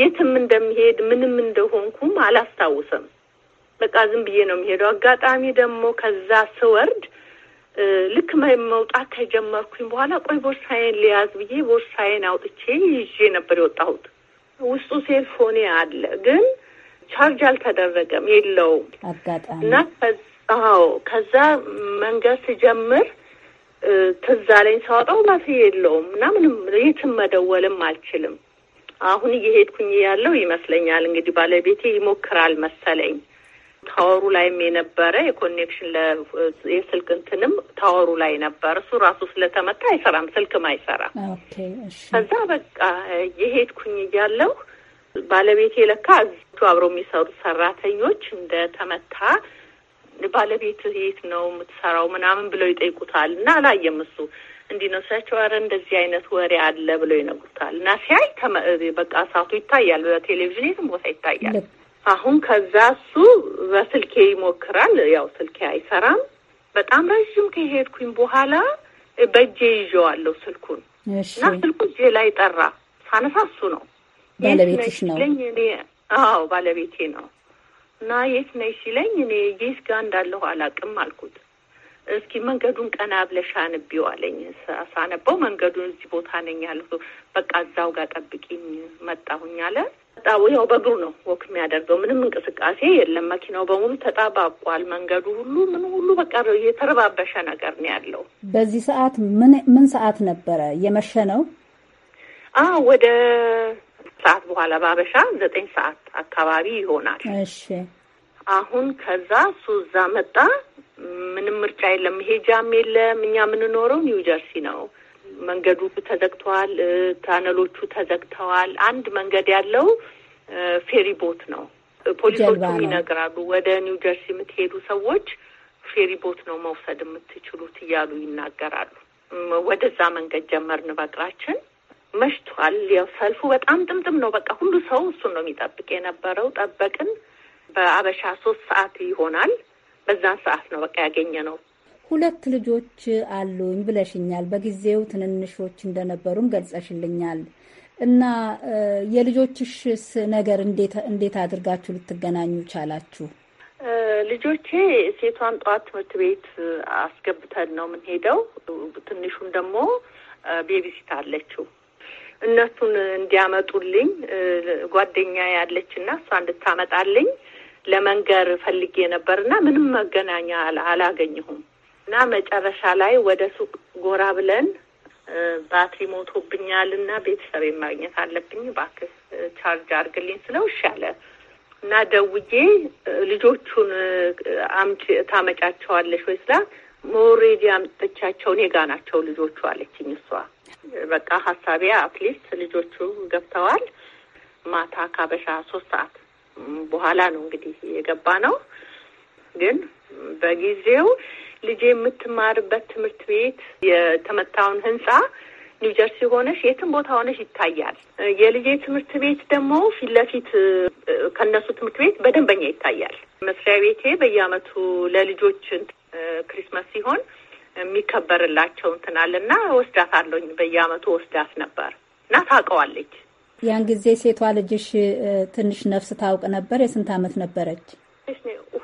[SPEAKER 2] የትም እንደሚሄድ ምንም እንደሆንኩም አላስታውስም። በቃ ዝም ብዬ ነው የሚሄደው። አጋጣሚ ደግሞ ከዛ ስወርድ ልክ መውጣት ከጀመርኩኝ በኋላ ቆይ ቦርሳዬን ሊያዝ ብዬ ቦርሳዬን አውጥቼ ይዤ ነበር የወጣሁት። ውስጡ ሴልፎኔ አለ ግን ቻርጅ አልተደረገም የለውም።
[SPEAKER 6] አጋጣሚ እና
[SPEAKER 2] አዎ፣ ከዛ መንገድ ስጀምር ትዝ አለኝ ሳወጣው የለውም እና ምንም የትም መደወልም አልችልም። አሁን እየሄድኩኝ ያለው ይመስለኛል እንግዲህ ባለቤቴ ይሞክራል መሰለኝ ታወሩ ላይም የነበረ የኮኔክሽን የስልክ እንትንም ታወሩ ላይ ነበር። እሱ ራሱ ስለተመታ አይሰራም፣ ስልክም አይሰራም። ከዛ በቃ የሄድኩኝ እያለሁ ባለቤቴ ለካ አብረው የሚሰሩት ሰራተኞች እንደተመታ ባለቤት የት ነው የምትሰራው ምናምን ብለው ይጠይቁታል። እና አላየም እሱ እንዲህ ነው ስላቸው፣ ኧረ እንደዚህ አይነት ወሬ አለ ብለው ይነግሩታል። እና ሲያይ በቃ እሳቱ ይታያል፣ በቴሌቪዥን የትም ቦታ ይታያል። አሁን ከዛ እሱ በስልኬ ይሞክራል። ያው ስልኬ አይሰራም። በጣም ረዥም ከሄድኩኝ በኋላ በእጄ ይዤዋለሁ ስልኩን
[SPEAKER 7] እና ስልኩ
[SPEAKER 2] እጄ ላይ ጠራ። ሳነሳ እሱ ነው።
[SPEAKER 7] ባለቤትሽ ነው ሲለኝ
[SPEAKER 2] እኔ አዎ ባለቤቴ ነው። እና የት ነሽ ሲለኝ እኔ የት ጋር እንዳለሁ አላውቅም አልኩት። እስኪ መንገዱን ቀና ብለሽ አንቢው አለኝ። ሳነበው መንገዱን እዚህ ቦታ ነኝ ያለሁ፣ በቃ እዛው ጋር ጠብቂኝ መጣሁኝ አለ። ጣቡ ያው በእግሩ ነው ወክ የሚያደርገው። ምንም እንቅስቃሴ የለም። መኪናው በሙሉ ተጣባቋል። መንገዱ ሁሉ ምን ሁሉ በቃ የተረባበሸ ነገር ነው ያለው።
[SPEAKER 6] በዚህ ሰዓት ምን ምን ሰዓት ነበረ የመሸ ነው?
[SPEAKER 2] አዎ ወደ ሰዓት በኋላ ባበሻ ዘጠኝ ሰዓት አካባቢ ይሆናል። እሺ አሁን ከዛ እሱ እዛ መጣ። ምንም ምርጫ የለም፣ መሄጃም የለም። እኛ የምንኖረው ኒውጀርሲ ነው። መንገዱ ተዘግተዋል፣ ታነሎቹ ተዘግተዋል። አንድ መንገድ ያለው ፌሪ ቦት ነው። ፖሊሶቹም ይነግራሉ ወደ ኒው ጀርሲ የምትሄዱ ሰዎች ፌሪ ቦት ነው መውሰድ የምትችሉት እያሉ ይናገራሉ። ወደዛ መንገድ ጀመርን በእግራችን። መሽቷል። ሰልፉ በጣም ጥምጥም ነው። በቃ ሁሉ ሰው እሱን ነው የሚጠብቅ የነበረው። ጠበቅን። በአበሻ ሶስት ሰዓት ይሆናል። በዛን ሰዓት ነው በቃ ያገኘ ነው
[SPEAKER 6] ሁለት ልጆች አሉኝ ብለሽኛል። በጊዜው ትንንሾች እንደነበሩም ገልጸሽልኛል። እና የልጆችሽስ ነገር እንዴት አድርጋችሁ ልትገናኙ ቻላችሁ?
[SPEAKER 2] ልጆቼ ሴቷን ጠዋት ትምህርት ቤት አስገብተን ነው የምንሄደው። ትንሹም ደግሞ ቤቢሲት አለችው። እነሱን እንዲያመጡልኝ ጓደኛ ያለች እና እሷ እንድታመጣልኝ ለመንገር ፈልጌ ነበር ና ምንም መገናኛ አላገኘሁም። እና መጨረሻ ላይ ወደ ሱቅ ጎራ ብለን ባትሪ ሞቶብኛል እና ቤተሰብ ማግኘት አለብኝ እባክህ ቻርጅ አድርግልኝ ስለው እሺ አለ እና ደውዬ ልጆቹን አምጪ ታመጫቸዋለሽ ወይ ስላት ኦልሬዲ አምጥቻቸው እኔ ጋ ናቸው ልጆቹ አለችኝ እሷ። በቃ ሀሳቢያ አትሊስት ልጆቹ ገብተዋል። ማታ ካበሻ ሶስት ሰዓት በኋላ ነው እንግዲህ የገባ ነው ግን በጊዜው ልጄ የምትማርበት ትምህርት ቤት የተመታውን ህንጻ ኒውጀርሲ ሆነሽ የትም ቦታ ሆነሽ ይታያል። የልጄ ትምህርት ቤት ደግሞ ፊት ለፊት ከነሱ ትምህርት ቤት በደንበኛ ይታያል። መስሪያ ቤቴ በየአመቱ ለልጆች ክሪስማስ ሲሆን የሚከበርላቸው እንትን ወስዳት አለኝ በየአመቱ ወስዳት ነበር እና ታውቀዋለች።
[SPEAKER 6] ያን ጊዜ ሴቷ ልጅሽ ትንሽ ነፍስ ታውቅ ነበር? የስንት አመት ነበረች?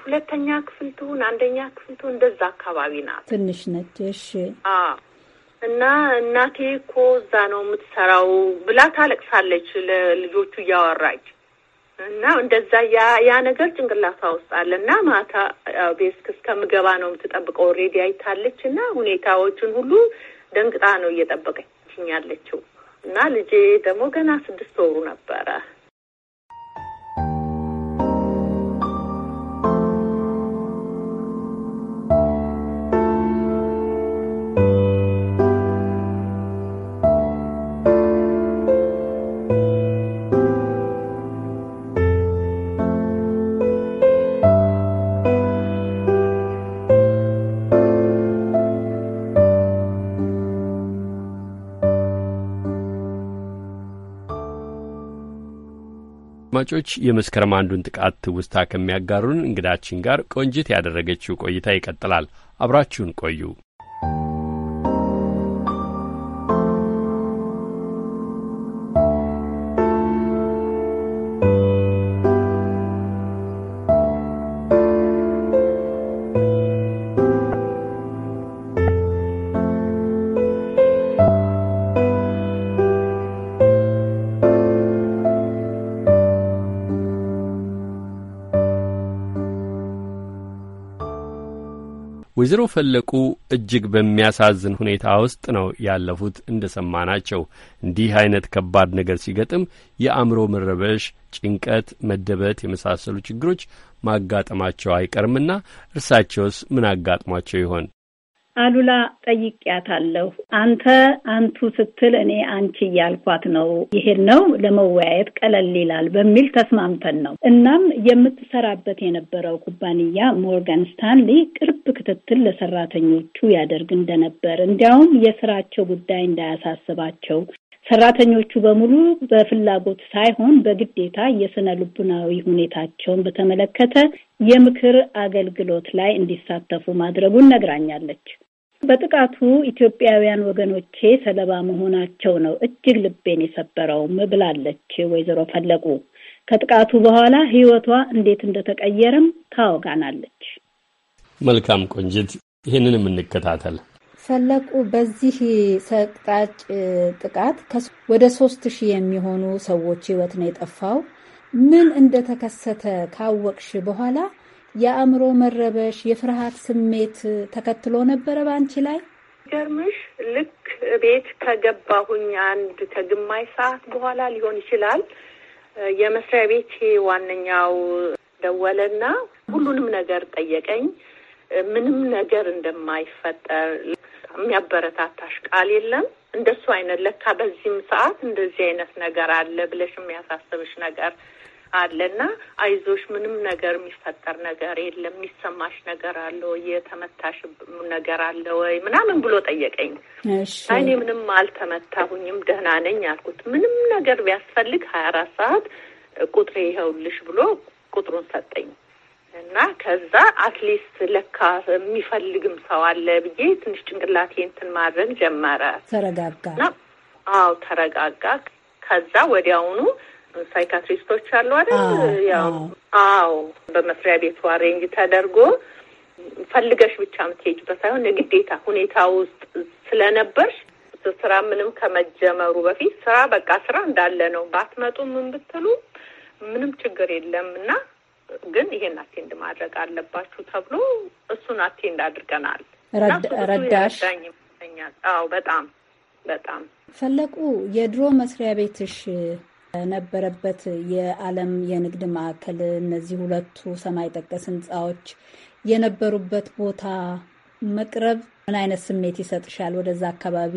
[SPEAKER 2] ሁለተኛ ክፍል ትሁን አንደኛ ክፍል ትሁን እንደዛ አካባቢ ናት።
[SPEAKER 6] ትንሽ ነች። እሺ።
[SPEAKER 2] እና እናቴ እኮ እዛ ነው የምትሰራው ብላ ታለቅሳለች ለልጆቹ እያወራች እና እንደዛ ያ ያ ነገር ጭንቅላቷ ውስጥ አለ እና ማታ ቤስክ እስከምገባ ነው የምትጠብቀው። ኦልሬዲ አይታለች እና ሁኔታዎችን ሁሉ ደንግጣ ነው እየጠበቀችኝ ያለችው እና ልጄ ደግሞ ገና ስድስት ወሩ ነበረ።
[SPEAKER 1] አድማጮች የመስከረም አንዱን ጥቃት ትውስታ ከሚያጋሩን እንግዳችን ጋር ቆንጅት ያደረገችው ቆይታ ይቀጥላል። አብራችሁን ቆዩ። ወይዘሮ ፈለቁ እጅግ በሚያሳዝን ሁኔታ ውስጥ ነው ያለፉት። እንደ ሰማ ናቸው እንዲህ አይነት ከባድ ነገር ሲገጥም የአእምሮ መረበሽ፣ ጭንቀት፣ መደበት የመሳሰሉ ችግሮች ማጋጠማቸው አይቀርምና እርሳቸውስ ምን አጋጥሟቸው ይሆን?
[SPEAKER 6] አሉላ ጠይቄያታለሁ። አንተ አንቱ ስትል እኔ አንቺ እያልኳት ነው። ይሄን ነው ለመወያየት ቀለል ይላል በሚል ተስማምተን ነው። እናም የምትሰራበት የነበረው ኩባንያ ሞርጋን ስታንሊ ቅርብ ክትትል ለሰራተኞቹ ያደርግ እንደነበር እንዲያውም የስራቸው ጉዳይ እንዳያሳስባቸው ሰራተኞቹ በሙሉ በፍላጎት ሳይሆን በግዴታ የስነ ልቡናዊ ሁኔታቸውን በተመለከተ የምክር አገልግሎት ላይ እንዲሳተፉ ማድረጉን ነግራኛለች። በጥቃቱ ኢትዮጵያውያን ወገኖቼ ሰለባ መሆናቸው ነው እጅግ ልቤን የሰበረውም ብላለች ወይዘሮ ፈለቁ። ከጥቃቱ በኋላ ሕይወቷ እንዴት እንደተቀየረም ታወጋናለች።
[SPEAKER 1] መልካም ቆንጅት፣ ይህንን የምንከታተል
[SPEAKER 6] ፈለቁ በዚህ ሰቅጣጭ ጥቃት ወደ ሶስት ሺህ የሚሆኑ ሰዎች ህይወት ነው የጠፋው። ምን እንደተከሰተ ካወቅሽ በኋላ የአእምሮ መረበሽ፣ የፍርሃት ስሜት ተከትሎ ነበረ በአንቺ ላይ? ገርምሽ
[SPEAKER 2] ልክ ቤት ከገባሁኝ አንድ ከግማሽ ሰዓት በኋላ ሊሆን ይችላል የመስሪያ ቤት ዋነኛው ደወለና ሁሉንም ነገር ጠየቀኝ። ምንም ነገር እንደማይፈጠር የሚያበረታታሽ ቃል የለም። እንደሱ አይነት ለካ በዚህም ሰዓት እንደዚህ አይነት ነገር አለ ብለሽ የሚያሳስብሽ ነገር አለና አይዞሽ፣ ምንም ነገር የሚፈጠር ነገር የለም፣ የሚሰማሽ ነገር አለ ወይ የተመታሽ ነገር አለ ወይ ምናምን ብሎ ጠየቀኝ። እኔ ምንም አልተመታሁኝም ደህና ነኝ አልኩት። ምንም ነገር ቢያስፈልግ ሀያ አራት ሰዓት ቁጥሬ ይኸውልሽ ብሎ ቁጥሩን ሰጠኝ እና ከዛ አትሊስት ለካ የሚፈልግም ሰው አለ ብዬ ትንሽ ጭንቅላቴ እንትን ማድረግ ጀመረ። ተረጋጋ። አዎ ተረጋጋ። ከዛ ወዲያውኑ ሳይካትሪስቶች አሉ አይደል? ያው አዎ፣ በመስሪያ ቤቱ አሬንጅ ተደርጎ ፈልገሽ ብቻ የምትሄጂበት ሳይሆን የግዴታ ሁኔታ ውስጥ ስለነበርሽ ስራ ምንም ከመጀመሩ በፊት ስራ በቃ ስራ እንዳለ ነው። ባትመጡ ምን ብትሉ ምንም ችግር የለም እና ግን ይሄን አቴንድ ማድረግ አለባችሁ ተብሎ እሱን አቴንድ አድርገናል። ረዳሽ ይመስለኛል። አዎ በጣም በጣም
[SPEAKER 6] ፈለቁ የድሮ መስሪያ ቤትሽ ነበረበት የዓለም የንግድ ማዕከል እነዚህ ሁለቱ ሰማይ ጠቀስ ህንፃዎች የነበሩበት ቦታ መቅረብ ምን አይነት ስሜት ይሰጥሻል? ወደዛ አካባቢ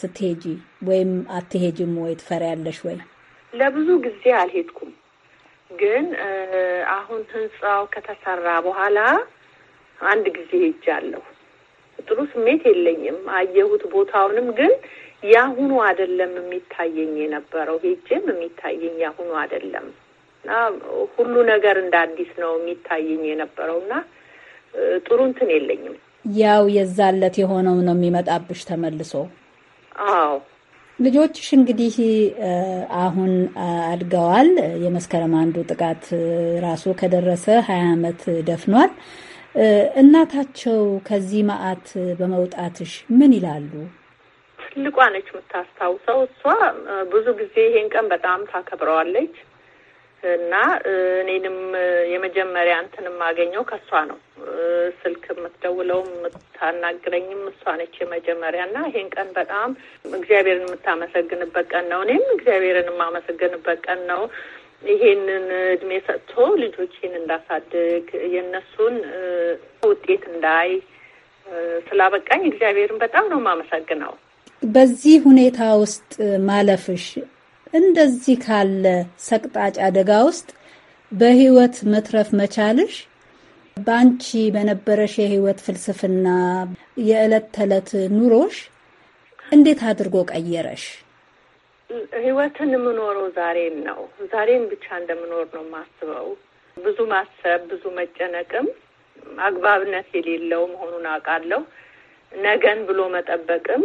[SPEAKER 6] ስትሄጂ ወይም አትሄጂም ወይ ትፈሪያለሽ ወይ?
[SPEAKER 2] ለብዙ ጊዜ አልሄድኩም፣ ግን አሁን ህንፃው ከተሰራ በኋላ አንድ ጊዜ ሄጃለሁ። ጥሩ ስሜት የለኝም። አየሁት ቦታውንም ግን ያሁኑ አይደለም የሚታየኝ የነበረው ሄጄም የሚታየኝ ያሁኑ አይደለም እና ሁሉ ነገር እንደ አዲስ ነው የሚታየኝ የነበረው እና ጥሩ እንትን የለኝም።
[SPEAKER 6] ያው የዛለት የሆነው ነው የሚመጣብሽ ተመልሶ። አዎ ልጆችሽ እንግዲህ አሁን አድገዋል። የመስከረም አንዱ ጥቃት ራሱ ከደረሰ ሀያ ዓመት ደፍኗል። እናታቸው ከዚህ መዓት በመውጣትሽ ምን ይላሉ?
[SPEAKER 2] ትልቋ ነች የምታስታውሰው። እሷ ብዙ ጊዜ ይሄን ቀን በጣም ታከብረዋለች እና እኔንም የመጀመሪያ እንትን የማገኘው ከእሷ ነው። ስልክ የምትደውለው የምታናግረኝም እሷ ነች የመጀመሪያ እና ይሄን ቀን በጣም እግዚአብሔርን የምታመሰግንበት ቀን ነው። እኔም እግዚአብሔርን የማመሰግንበት ቀን ነው። ይሄንን እድሜ ሰጥቶ ልጆቼን እንዳሳድግ የእነሱን ውጤት እንዳይ ስላበቃኝ እግዚአብሔርን በጣም ነው የማመሰግነው።
[SPEAKER 6] በዚህ ሁኔታ ውስጥ ማለፍሽ እንደዚህ ካለ ሰቅጣጭ አደጋ ውስጥ በህይወት መትረፍ መቻልሽ በአንቺ በነበረሽ የህይወት ፍልስፍና የዕለት ተዕለት ኑሮሽ እንዴት አድርጎ ቀየረሽ?
[SPEAKER 2] ህይወትን የምኖረው ዛሬን ነው። ዛሬን ብቻ እንደምኖር ነው የማስበው። ብዙ ማሰብ ብዙ መጨነቅም አግባብነት የሌለው መሆኑን አውቃለሁ። ነገን ብሎ መጠበቅም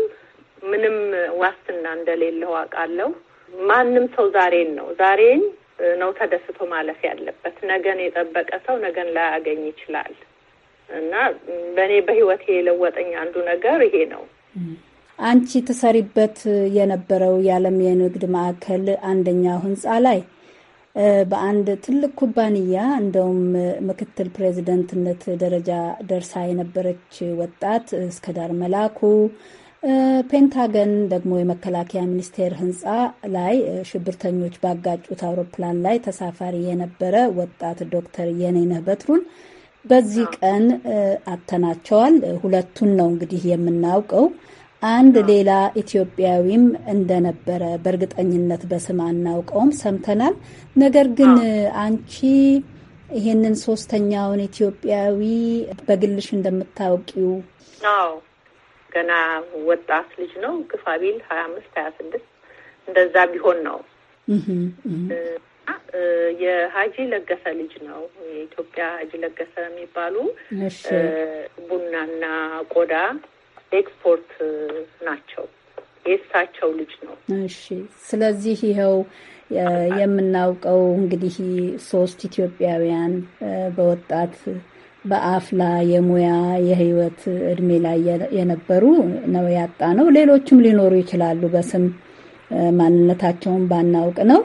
[SPEAKER 2] ምንም ዋስትና እንደሌለው አውቃለሁ። ማንም ሰው ዛሬን ነው ዛሬን ነው ተደስቶ ማለፍ ያለበት። ነገን የጠበቀ ሰው ነገን ላያገኝ ይችላል እና በእኔ በህይወት የለወጠኝ አንዱ ነገር ይሄ ነው።
[SPEAKER 6] አንቺ ትሰሪበት የነበረው የዓለም የንግድ ማዕከል አንደኛው ህንፃ ላይ በአንድ ትልቅ ኩባንያ እንደውም ምክትል ፕሬዚደንትነት ደረጃ ደርሳ የነበረች ወጣት እስከ ዳር መላኩ ፔንታገን ደግሞ የመከላከያ ሚኒስቴር ህንፃ ላይ ሽብርተኞች ባጋጩት አውሮፕላን ላይ ተሳፋሪ የነበረ ወጣት ዶክተር የኔነህ በትሩን በዚህ ቀን አተናቸዋል። ሁለቱን ነው እንግዲህ የምናውቀው። አንድ ሌላ ኢትዮጵያዊም እንደነበረ በእርግጠኝነት በስም አናውቀውም፣ ሰምተናል። ነገር ግን አንቺ ይህንን ሶስተኛውን ኢትዮጵያዊ በግልሽ እንደምታውቂው
[SPEAKER 2] ገና ወጣት ልጅ ነው። ግፋቢል ሀያ አምስት ሀያ ስድስት እንደዛ ቢሆን ነው። የሀጂ ለገሰ ልጅ ነው። የኢትዮጵያ ሀጂ ለገሰ የሚባሉ ቡናና ቆዳ ኤክስፖርት ናቸው። የእሳቸው ልጅ ነው።
[SPEAKER 6] እሺ። ስለዚህ ይኸው የምናውቀው እንግዲህ ሶስት ኢትዮጵያውያን በወጣት በአፍላ የሙያ የህይወት እድሜ ላይ የነበሩ ነው ያጣ ነው። ሌሎችም ሊኖሩ ይችላሉ። በስም ማንነታቸውን ባናውቅ ነው።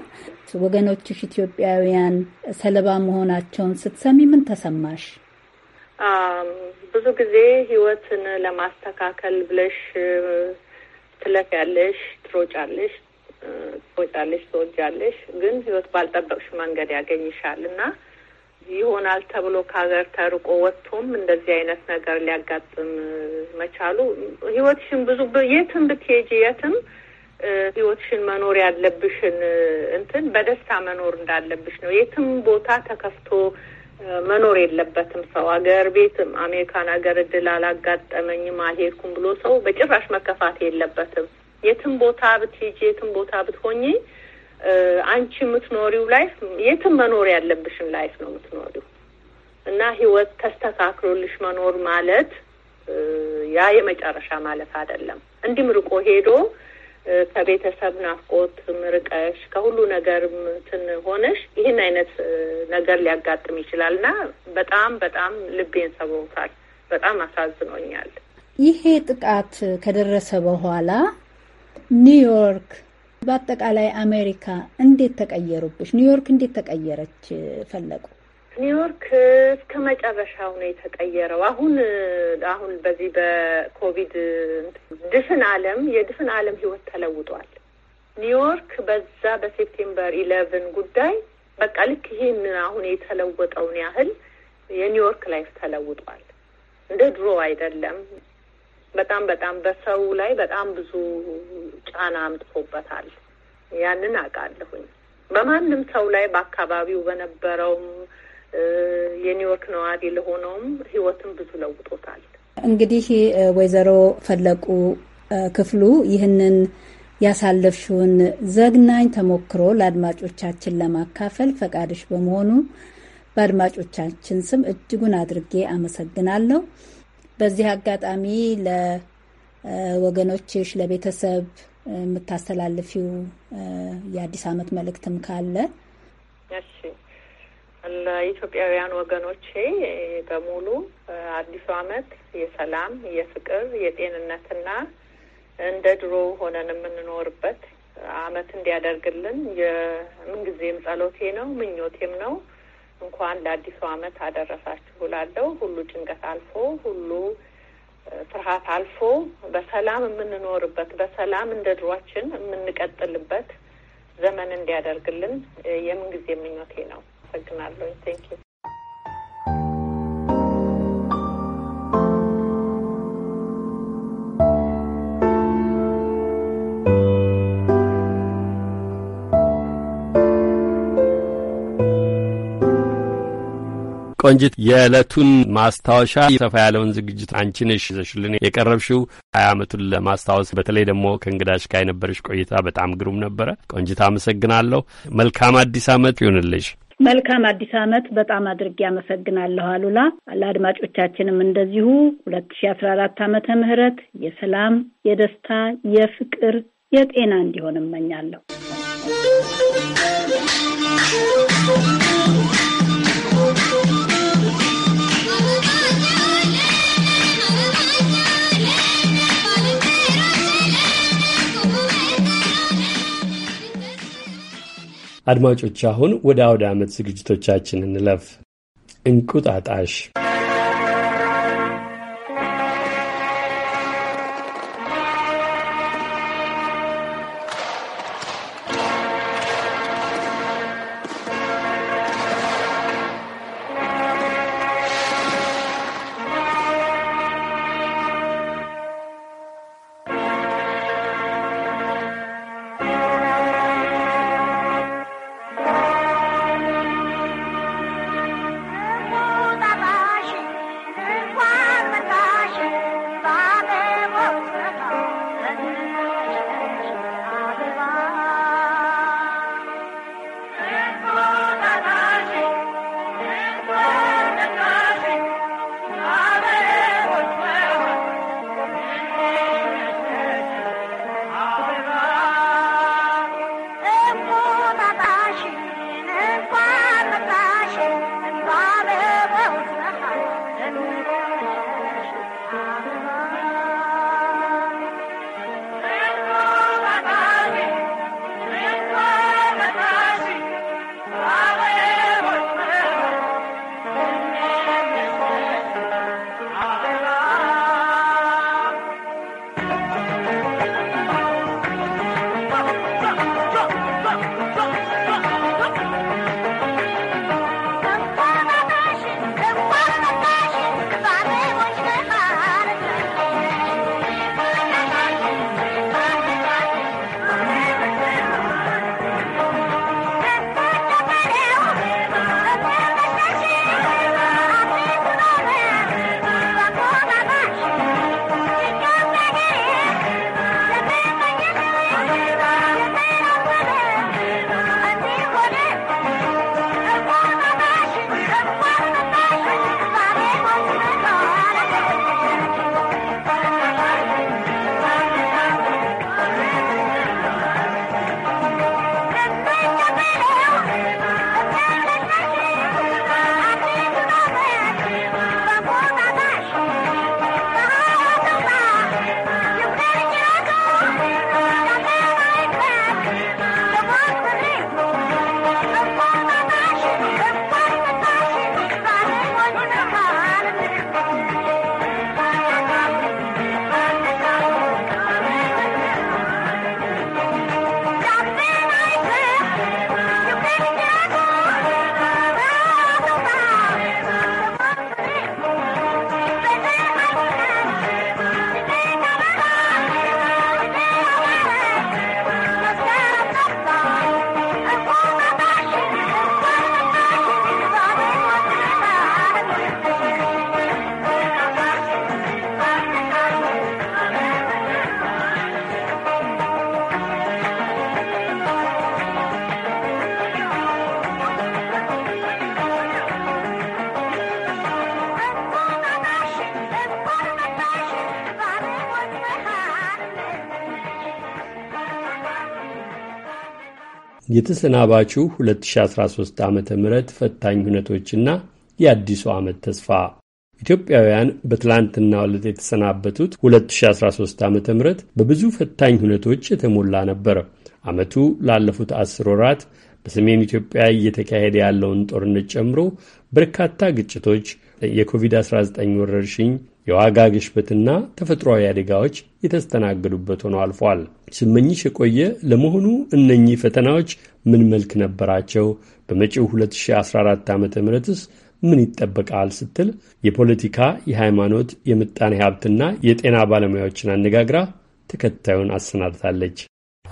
[SPEAKER 6] ወገኖችሽ ኢትዮጵያውያን ሰለባ መሆናቸውን ስትሰሚ ምን ተሰማሽ?
[SPEAKER 2] ብዙ ጊዜ ህይወትን ለማስተካከል ብለሽ ትለፊያለሽ፣ ትሮጫለሽ፣ ትሮጫለሽ፣ ትወጃለሽ። ግን ህይወት ባልጠበቅሽ መንገድ ያገኝሻል እና ይሆናል ተብሎ ከሀገር ተርቆ ወጥቶም እንደዚህ አይነት ነገር ሊያጋጥም መቻሉ ህይወትሽን ብዙ የትም ብትሄጂ የትም ህይወትሽን መኖር ያለብሽን እንትን በደስታ መኖር እንዳለብሽ ነው። የትም ቦታ ተከፍቶ መኖር የለበትም ሰው። ሀገር ቤትም አሜሪካን ሀገር እድል አላጋጠመኝም አልሄድኩም ብሎ ሰው በጭራሽ መከፋት የለበትም። የትም ቦታ ብትሄጂ፣ የትም ቦታ ብትሆኚ አንቺ የምትኖሪው ላይፍ የትም መኖር ያለብሽን ላይፍ ነው የምትኖሪው እና ህይወት ተስተካክሎልሽ መኖር ማለት ያ የመጨረሻ ማለት አይደለም። እንዲም ርቆ ሄዶ ከቤተሰብ ናፍቆት ምርቀሽ ከሁሉ ነገር እንትን ሆነሽ ይህን አይነት ነገር ሊያጋጥም ይችላል እና በጣም በጣም ልቤን ሰብሮታል። በጣም አሳዝኖኛል።
[SPEAKER 6] ይሄ ጥቃት ከደረሰ በኋላ ኒውዮርክ በአጠቃላይ አሜሪካ እንዴት ተቀየሩብሽ? ኒውዮርክ እንዴት ተቀየረች? ፈለቁ
[SPEAKER 2] ኒውዮርክ እስከ መጨረሻው ነው የተቀየረው። አሁን አሁን በዚህ በኮቪድ ድፍን ዓለም የድፍን ዓለም ህይወት ተለውጧል። ኒውዮርክ በዛ በሴፕቴምበር ኢለቭን ጉዳይ በቃ ልክ ይህን አሁን የተለወጠውን ያህል የኒውዮርክ ላይፍ ተለውጧል። እንደ ድሮ አይደለም። በጣም በጣም በሰው ላይ በጣም ብዙ ጫና አምጥቶበታል። ያንን አውቃለሁኝ። በማንም ሰው ላይ በአካባቢው በነበረውም የኒውዮርክ ነዋሪ ለሆነውም ህይወትን ብዙ ለውጦታል።
[SPEAKER 6] እንግዲህ ወይዘሮ ፈለቁ ክፍሉ ይህንን ያሳለፍሽውን ዘግናኝ ተሞክሮ ለአድማጮቻችን ለማካፈል ፈቃድሽ በመሆኑ በአድማጮቻችን ስም እጅጉን አድርጌ አመሰግናለሁ። በዚህ አጋጣሚ ለወገኖችሽ፣ ለቤተሰብ የምታስተላልፊው የአዲስ አመት መልእክትም ካለ? እሺ
[SPEAKER 2] ለኢትዮጵያውያን ወገኖቼ በሙሉ አዲሱ አመት የሰላም የፍቅር፣ የጤንነትና እንደ ድሮ ሆነን የምንኖርበት አመት እንዲያደርግልን የምንጊዜም ጸሎቴ ነው ምኞቴም ነው። እንኳን ለአዲሱ ዓመት አደረሳችሁ እላለሁ። ሁሉ ጭንቀት አልፎ ሁሉ ፍርሃት አልፎ በሰላም የምንኖርበት በሰላም እንደ ድሯችን የምንቀጥልበት ዘመን እንዲያደርግልን የምንጊዜ ምኞቴ ነው። አመሰግናለሁ። ቴንኪ
[SPEAKER 1] ቆንጅት፣ የዕለቱን ማስታወሻ ሰፋ ያለውን ዝግጅት አንቺንሽ ይዘሽልን የቀረብሽው። ሀያ ዓመቱን ለማስታወስ በተለይ ደግሞ ከእንግዳሽ ጋር የነበረሽ ቆይታ በጣም ግሩም ነበረ። ቆንጅት፣ አመሰግናለሁ። መልካም አዲስ ዓመት ይሁንልሽ።
[SPEAKER 6] መልካም አዲስ ዓመት። በጣም አድርጌ አመሰግናለሁ አሉላ። ለአድማጮቻችንም እንደዚሁ ሁለት ሺ አስራ አራት ዓመተ ምህረት የሰላም የደስታ፣ የፍቅር፣ የጤና እንዲሆን እመኛለሁ።
[SPEAKER 1] አድማጮች፣ አሁን ወደ አውደ ዓመት ዝግጅቶቻችን እንለፍ። እንቁጣጣሽ የተሰናባቹ 2013 ዓ ም ፈታኝ ሁነቶችና የአዲሱ ዓመት ተስፋ ኢትዮጵያውያን በትላንትና ዕለት የተሰናበቱት 2013 ዓ ም በብዙ ፈታኝ ሁነቶች የተሞላ ነበር። ዓመቱ ላለፉት አስር ወራት በሰሜን ኢትዮጵያ እየተካሄደ ያለውን ጦርነት ጨምሮ በርካታ ግጭቶች፣ የኮቪድ-19 ወረርሽኝ የዋጋ ግሽበትና ተፈጥሯዊ አደጋዎች የተስተናገዱበት ሆኖ አልፏል። ስመኝሽ የቆየ ለመሆኑ እነኚህ ፈተናዎች ምን መልክ ነበራቸው? በመጪው 2014 ዓ ምትስ ምን ይጠበቃል ስትል የፖለቲካ፣ የሃይማኖት፣ የምጣኔ ሀብትና የጤና ባለሙያዎችን አነጋግራ ተከታዩን አሰናድታለች።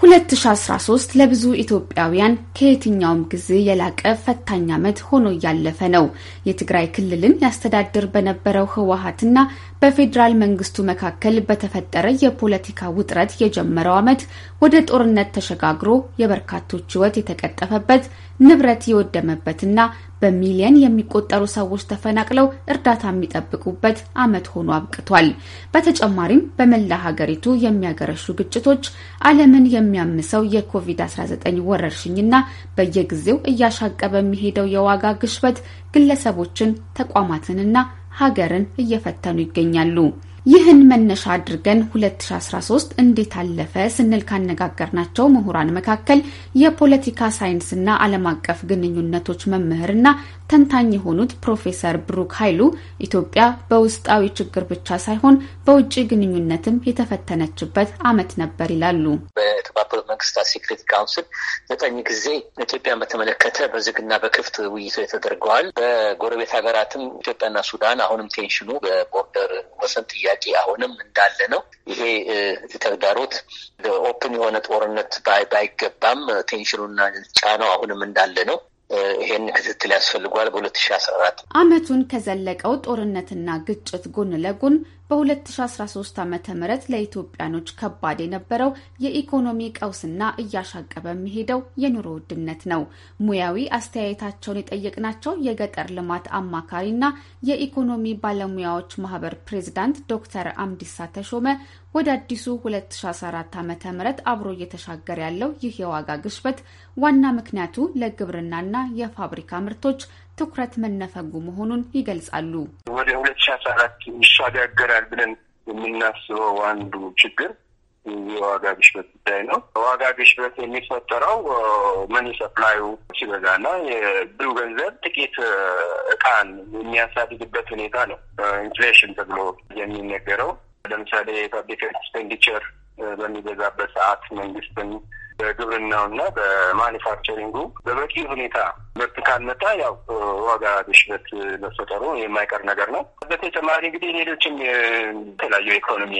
[SPEAKER 8] 2013 ለብዙ ኢትዮጵያውያን ከየትኛውም ጊዜ የላቀ ፈታኝ ዓመት ሆኖ እያለፈ ነው። የትግራይ ክልልን ያስተዳድር በነበረው ህወሀትና በፌዴራል መንግስቱ መካከል በተፈጠረ የፖለቲካ ውጥረት የጀመረው ዓመት ወደ ጦርነት ተሸጋግሮ የበርካቶች ሕይወት የተቀጠፈበት ንብረት የወደመበትና በሚሊየን የሚቆጠሩ ሰዎች ተፈናቅለው እርዳታ የሚጠብቁበት ዓመት ሆኖ አብቅቷል። በተጨማሪም በመላ ሀገሪቱ የሚያገረሹ ግጭቶች፣ ዓለምን የሚያምሰው የኮቪድ-19 ወረርሽኝና በየጊዜው እያሻቀበ የሚሄደው የዋጋ ግሽበት ግለሰቦችን ተቋማትንና ሀገርን እየፈተኑ ይገኛሉ። ይህን መነሻ አድርገን 2013 እንዴት አለፈ ስንል ካነጋገርናቸው ምሁራን መካከል የፖለቲካ ሳይንስና ዓለም አቀፍ ግንኙነቶች መምህርና ተንታኝ የሆኑት ፕሮፌሰር ብሩክ ኃይሉ ኢትዮጵያ በውስጣዊ ችግር ብቻ ሳይሆን በውጭ ግንኙነትም የተፈተነችበት ዓመት ነበር ይላሉ።
[SPEAKER 9] በተባበሩት መንግስታት ሴክሬት ካውንስል ዘጠኝ ጊዜ ኢትዮጵያን በተመለከተ በዝግና በክፍት ውይይቶ ተደርገዋል። በጎረቤት ሀገራትም ኢትዮጵያና ሱዳን አሁንም ቴንሽኑ በቦርደር ወሰን ጥያቄ ጥያቄ አሁንም እንዳለ ነው። ይሄ ተግዳሮት ኦፕን የሆነ ጦርነት ባይገባም ቴንሽኑና ጫናው አሁንም እንዳለ ነው። ይሄን ክትትል ያስፈልጓል። በ2014
[SPEAKER 8] አመቱን ከዘለቀው ጦርነትና ግጭት ጎን ለጎን በ2013 ዓ ም ለኢትዮጵያኖች ከባድ የነበረው የኢኮኖሚ ቀውስና እያሻቀበ የሚሄደው የኑሮ ውድነት ነው። ሙያዊ አስተያየታቸውን የጠየቅናቸው የገጠር ልማት አማካሪና የኢኮኖሚ ባለሙያዎች ማህበር ፕሬዝዳንት ዶክተር አምዲሳ ተሾመ ወደ አዲሱ 2014 ዓ ም አብሮ እየተሻገረ ያለው ይህ የዋጋ ግሽበት ዋና ምክንያቱ ለግብርናና የፋብሪካ ምርቶች ትኩረት መነፈጉ መሆኑን ይገልጻሉ።
[SPEAKER 9] ወደ ሁለት ሺህ አስራ አራት ይሻጋገራል ብለን የምናስበው አንዱ ችግር የዋጋ ግሽበት ጉዳይ ነው። ዋጋ ግሽበት የሚፈጠረው መኒ ሰፕላዩ ሲበዛ እና የብዙ ገንዘብ ጥቂት እቃን የሚያሳድግበት ሁኔታ ነው ኢንፍሌሽን ተብሎ የሚነገረው። ለምሳሌ የፐብሊክ ኤክስፔንዲቸር በሚገዛበት ሰዓት መንግስትን በግብርናውና በማኒፋክቸሪንጉ በበቂ ሁኔታ ምርት ካልመጣ ያው ዋጋ ግሽበት መፈጠሩ የማይቀር ነገር ነው። በተጨማሪ እንግዲህ ሌሎችም የተለያዩ ኢኮኖሚ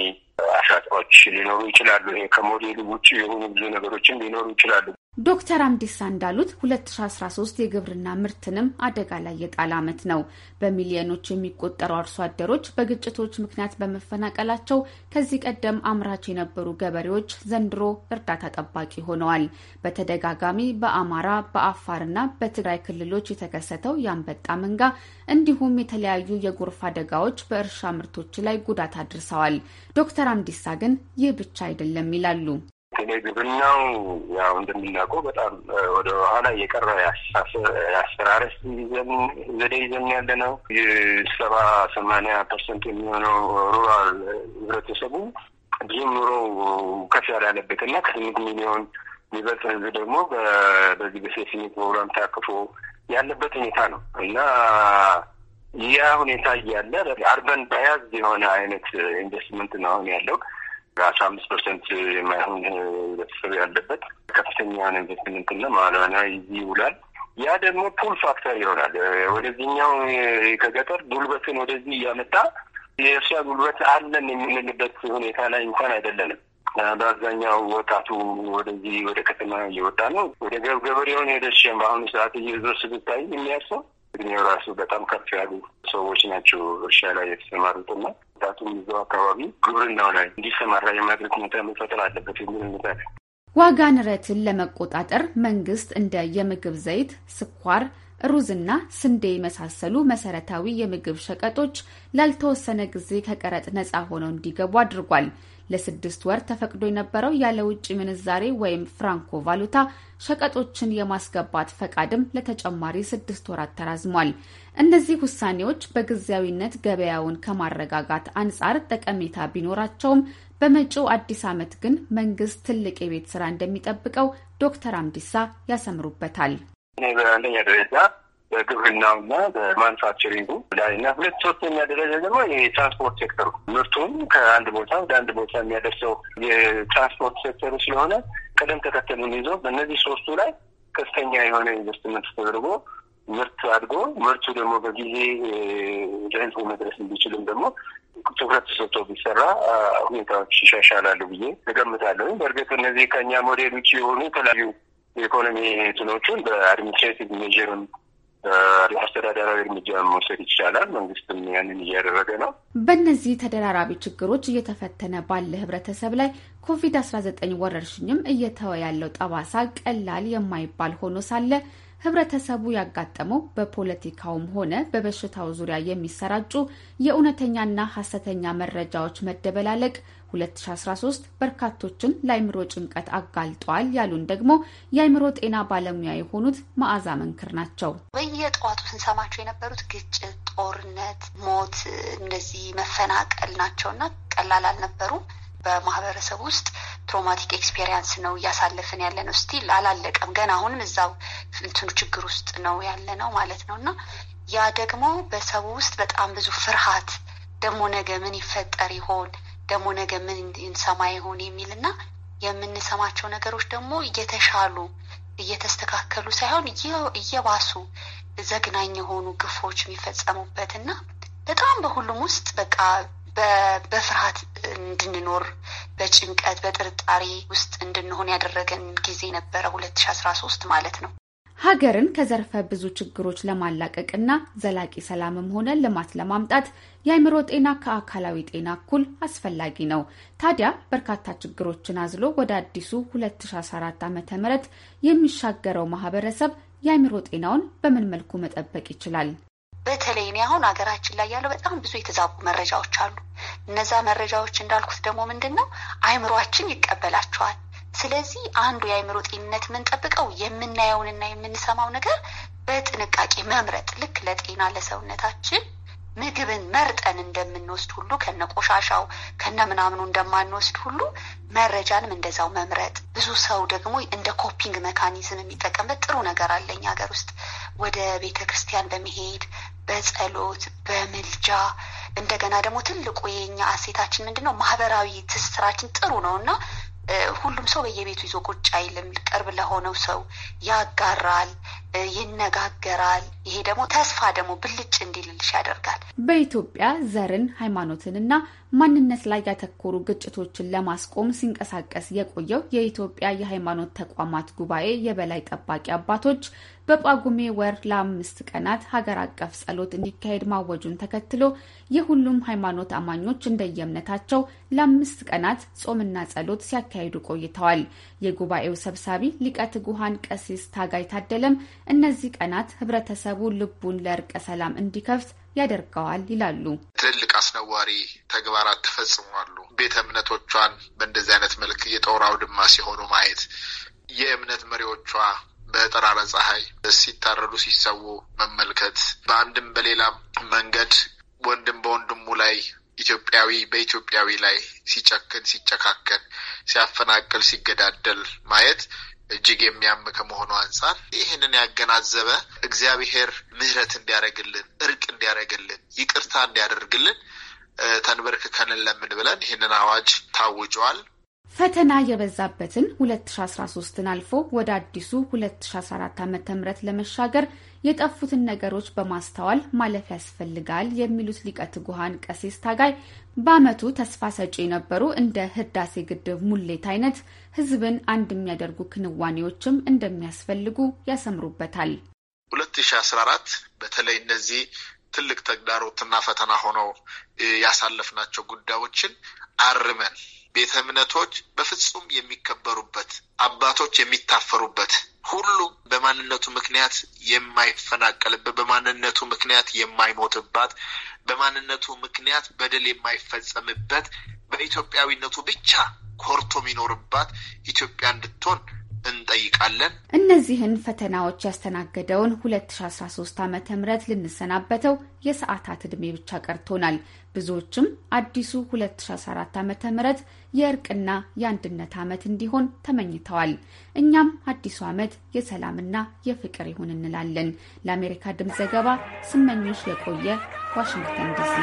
[SPEAKER 9] አሻጥሮች ሊኖሩ ይችላሉ። ይሄ ከሞዴሉ ውጭ የሆኑ ብዙ ነገሮችም ሊኖሩ ይችላሉ።
[SPEAKER 8] ዶክተር አምዲሳ እንዳሉት 2013 የግብርና ምርትንም አደጋ ላይ የጣለ ዓመት ነው። በሚሊዮኖች የሚቆጠሩ አርሶ አደሮች በግጭቶች ምክንያት በመፈናቀላቸው ከዚህ ቀደም አምራች የነበሩ ገበሬዎች ዘንድሮ እርዳታ ጠባቂ ሆነዋል። በተደጋጋሚ በአማራ በአፋርና በትግራይ ክልሎች የተከሰተው የአንበጣ መንጋ እንዲሁም የተለያዩ የጎርፍ አደጋዎች በእርሻ ምርቶች ላይ ጉዳት አድርሰዋል። ዶክተር አምዲሳ ግን ይህ ብቻ አይደለም ይላሉ።
[SPEAKER 9] በተለይ ግብርናው ያው እንደምናውቀው በጣም ወደ ኋላ የቀረ የአሰራረስ ዘዴ ይዘን ያለ ነው። ሰባ ሰማንያ ፐርሰንት የሚሆነው ሩራል ህብረተሰቡ ብዙም ኑሮ ከፍ ያላለበት እና ከስምንት ሚሊዮን የሚበልጥ ህዝብ ደግሞ በዚህ በሴፍቲኔት ፕሮግራም ታቅፎ ያለበት ሁኔታ ነው እና ያ ሁኔታ እያለ አርበን ባያዝ የሆነ አይነት ኢንቨስትመንት ነው አሁን ያለው ከአስራ አምስት ፐርሰንት የማይሆን ህብረተሰብ ያለበት ከፍተኛ የሆነ ኢንቨስትመንትና ማለናዊ ይውላል። ያ ደግሞ ፑል ፋክተር ይሆናል። ወደዚህኛው ከገጠር ጉልበትን ወደዚህ እያመጣ የእርሻ ጉልበት አለን የምንልበት ሁኔታ ላይ እንኳን አይደለንም። በአብዛኛው ወጣቱ ወደዚህ ወደ ከተማ እየወጣ ነው። ወደ ገበሬውን ሄደሽ በአሁኑ ሰዓት እየዞርሽ ብታይ የሚያርሰው እድሜው ራሱ በጣም ከፍ ያሉ ሰዎች ናቸው እርሻ ላይ የተሰማሩትና ወጣቱም እዛው አካባቢ ግብርናው ላይ እንዲሰማራ የማድረግ ሁኔታ መፈጠር አለበት የሚል እንላለን።
[SPEAKER 8] ዋጋ ንረትን ለመቆጣጠር መንግስት እንደ የምግብ ዘይት፣ ስኳር፣ ሩዝና ስንዴ የመሳሰሉ መሰረታዊ የምግብ ሸቀጦች ላልተወሰነ ጊዜ ከቀረጥ ነፃ ሆነው እንዲገቡ አድርጓል። ለስድስት ወር ተፈቅዶ የነበረው ያለ ውጭ ምንዛሬ ወይም ፍራንኮ ቫሉታ ሸቀጦችን የማስገባት ፈቃድም ለተጨማሪ ስድስት ወራት ተራዝሟል። እነዚህ ውሳኔዎች በጊዜያዊነት ገበያውን ከማረጋጋት አንጻር ጠቀሜታ ቢኖራቸውም በመጪው አዲስ ዓመት ግን መንግስት ትልቅ የቤት ስራ እንደሚጠብቀው ዶክተር አምዲሳ ያሰምሩበታል።
[SPEAKER 9] እኔ በአንደኛ ደረጃ በግብርናው እና በማኑፋክቸሪንጉ ላይ እና ሁለት ሶስተኛ ደረጃ ደግሞ የትራንስፖርት ሴክተሩ ምርቱን ከአንድ ቦታ ወደ አንድ ቦታ የሚያደርሰው የትራንስፖርት ሴክተሩ ስለሆነ ቀደም ተከተሉን ይዞ በእነዚህ ሶስቱ ላይ ከፍተኛ የሆነ ኢንቨስትመንት ተደርጎ ምርት አድጎ ምርቱ ደግሞ በጊዜ ለህዝቡ መድረስ እንዲችልም ደግሞ ትኩረት ተሰጥቶ ቢሰራ ሁኔታዎች ይሻሻላሉ ብዬ እገምታለሁ። በእርግጥ እነዚህ ከእኛ ሞዴል ውጭ የሆኑ የተለያዩ የኢኮኖሚ ትኖቹን በአድሚኒስትሬቲቭ ሜዥርም አስተዳደራዊ እርምጃ መውሰድ ይቻላል። መንግስትም ያንን እያደረገ ነው።
[SPEAKER 8] በእነዚህ ተደራራቢ ችግሮች እየተፈተነ ባለ ህብረተሰብ ላይ ኮቪድ-19 ወረርሽኝም እየተወ ያለው ጠባሳ ቀላል የማይባል ሆኖ ሳለ ህብረተሰቡ ያጋጠመው በፖለቲካውም ሆነ በበሽታው ዙሪያ የሚሰራጩ የእውነተኛና ሐሰተኛ መረጃዎች መደበላለቅ 2013 በርካቶችን ለአይምሮ ጭንቀት አጋልጧል ያሉን ደግሞ የአይምሮ ጤና ባለሙያ የሆኑት መዓዛ መንክር ናቸው።
[SPEAKER 10] በየጠዋቱ ስንሰማቸው የነበሩት ግጭት፣ ጦርነት፣ ሞት፣ እንደዚህ መፈናቀል ናቸውና ቀላል አልነበሩም። በማህበረሰብ ውስጥ ትሮማቲክ ኤክስፔሪንስ ነው እያሳለፍን ያለ ነው። ስቲል አላለቀም ገና አሁንም እዛው እንትኑ ችግር ውስጥ ነው ያለ ነው ማለት ነው እና ያ ደግሞ በሰው ውስጥ በጣም ብዙ ፍርሃት ደግሞ ነገ ምን ይፈጠር ይሆን ደግሞ ነገ ምን እንሰማ ይሆን የሚል እና የምንሰማቸው ነገሮች ደግሞ እየተሻሉ እየተስተካከሉ ሳይሆን እየባሱ ዘግናኝ የሆኑ ግፎች የሚፈጸሙበት እና በጣም በሁሉም ውስጥ በቃ በፍርሃት እንድንኖር በጭንቀት በጥርጣሬ ውስጥ እንድንሆን ያደረገን ጊዜ ነበረ ሁለት ሺ አስራ ሶስት ማለት ነው።
[SPEAKER 8] ሀገርን ከዘርፈ ብዙ ችግሮች ለማላቀቅና ዘላቂ ሰላምም ሆነ ልማት ለማምጣት የአእምሮ ጤና ከአካላዊ ጤና እኩል አስፈላጊ ነው። ታዲያ በርካታ ችግሮችን አዝሎ ወደ አዲሱ 2014 ዓ ም የሚሻገረው ማህበረሰብ የአእምሮ ጤናውን በምን መልኩ መጠበቅ ይችላል?
[SPEAKER 10] በተለይ እኔ አሁን ሀገራችን ላይ ያለው በጣም ብዙ የተዛቡ መረጃዎች አሉ። እነዛ መረጃዎች እንዳልኩት ደግሞ ምንድን ነው አይምሯችን ይቀበላቸዋል። ስለዚህ አንዱ የአይምሮ ጤንነት የምንጠብቀው የምናየውንና የምንሰማው ነገር በጥንቃቄ መምረጥ፣ ልክ ለጤና ለሰውነታችን ምግብን መርጠን እንደምንወስድ ሁሉ ከነ ቆሻሻው ከነ ምናምኑ እንደማንወስድ ሁሉ መረጃንም እንደዛው መምረጥ። ብዙ ሰው ደግሞ እንደ ኮፒንግ መካኒዝም የሚጠቀምበት ጥሩ ነገር አለኝ ሀገር ውስጥ ወደ ቤተ ክርስቲያን በመሄድ በጸሎት በምልጃ እንደገና ደግሞ ትልቁ የኛ እሴታችን ምንድን ነው? ማህበራዊ ትስስራችን ጥሩ ነው እና ሁሉም ሰው በየቤቱ ይዞ ቁጭ አይልም። ቅርብ ለሆነው ሰው ያጋራል፣ ይነጋገራል ይሄ ደግሞ ተስፋ ደግሞ ብልጭ እንዲልልሽ ያደርጋል።
[SPEAKER 8] በኢትዮጵያ ዘርን ሃይማኖትንና ማንነት ላይ ያተኮሩ ግጭቶችን ለማስቆም ሲንቀሳቀስ የቆየው የኢትዮጵያ የሃይማኖት ተቋማት ጉባኤ የበላይ ጠባቂ አባቶች በጳጉሜ ወር ለአምስት ቀናት ሀገር አቀፍ ጸሎት እንዲካሄድ ማወጁን ተከትሎ የሁሉም ሃይማኖት አማኞች እንደየእምነታቸው ለአምስት ቀናት ጾምና ጸሎት ሲያካሂዱ ቆይተዋል። የጉባኤው ሰብሳቢ ሊቀ ትጉሃን ቀሲስ ታጋይ ታደለም እነዚህ ቀናት ህብረተሰብ ህብረተሰቡ ልቡን ለእርቀ ሰላም እንዲከፍት ያደርገዋል ይላሉ።
[SPEAKER 11] ትልልቅ አስነዋሪ ተግባራት ተፈጽሟሉ። ቤተ እምነቶቿን በእንደዚህ አይነት መልክ የጦር አውድማ ሲሆኑ ማየት፣ የእምነት መሪዎቿ በጠራረ ፀሐይ ሲታረዱ ሲሰዉ መመልከት፣ በአንድም በሌላም መንገድ ወንድም በወንድሙ ላይ ኢትዮጵያዊ በኢትዮጵያዊ ላይ ሲጨክን፣ ሲጨካከን፣ ሲያፈናቅል፣ ሲገዳደል ማየት እጅግ የሚያም ከመሆኑ አንጻር ይህንን ያገናዘበ እግዚአብሔር ምሕረት እንዲያደርግልን፣ እርቅ እንዲያደርግልን፣ ይቅርታ እንዲያደርግልን ተንበርክከን ለምን ብለን ይህንን አዋጅ ታውጇል።
[SPEAKER 8] ፈተና የበዛበትን 2013ን አልፎ ወደ አዲሱ 2014 ዓ.ም ለመሻገር የጠፉትን ነገሮች በማስተዋል ማለፍ ያስፈልጋል የሚሉት ሊቀ ትጉሃን ቀሲስ ታጋይ በዓመቱ ተስፋ ሰጪ የነበሩ እንደ ህዳሴ ግድብ ሙሌት አይነት ህዝብን አንድ የሚያደርጉ ክንዋኔዎችም እንደሚያስፈልጉ ያሰምሩበታል።
[SPEAKER 11] 2014 በተለይ እነዚህ ትልቅ ተግዳሮትና ፈተና ሆነው ያሳለፍናቸው ጉዳዮችን አርመን ቤተ እምነቶች በፍጹም የሚከበሩበት አባቶች የሚታፈሩበት ሁሉ በማንነቱ ምክንያት የማይፈናቀልበት፣ በማንነቱ ምክንያት የማይሞትባት፣ በማንነቱ ምክንያት በደል የማይፈጸምበት፣ በኢትዮጵያዊነቱ ብቻ ኮርቶ የሚኖርባት ኢትዮጵያ እንድትሆን
[SPEAKER 8] እንጠይቃለን። እነዚህን ፈተናዎች ያስተናገደውን 2013 ዓ ም ልንሰናበተው የሰዓታት ዕድሜ ብቻ ቀርቶናል። ብዙዎችም አዲሱ 2014 ዓ ም የእርቅና የአንድነት ዓመት እንዲሆን ተመኝተዋል። እኛም አዲሱ ዓመት የሰላምና የፍቅር ይሁን እንላለን። ለአሜሪካ ድምፅ ዘገባ ስመኞች የቆየ ዋሽንግተን ዲሲ።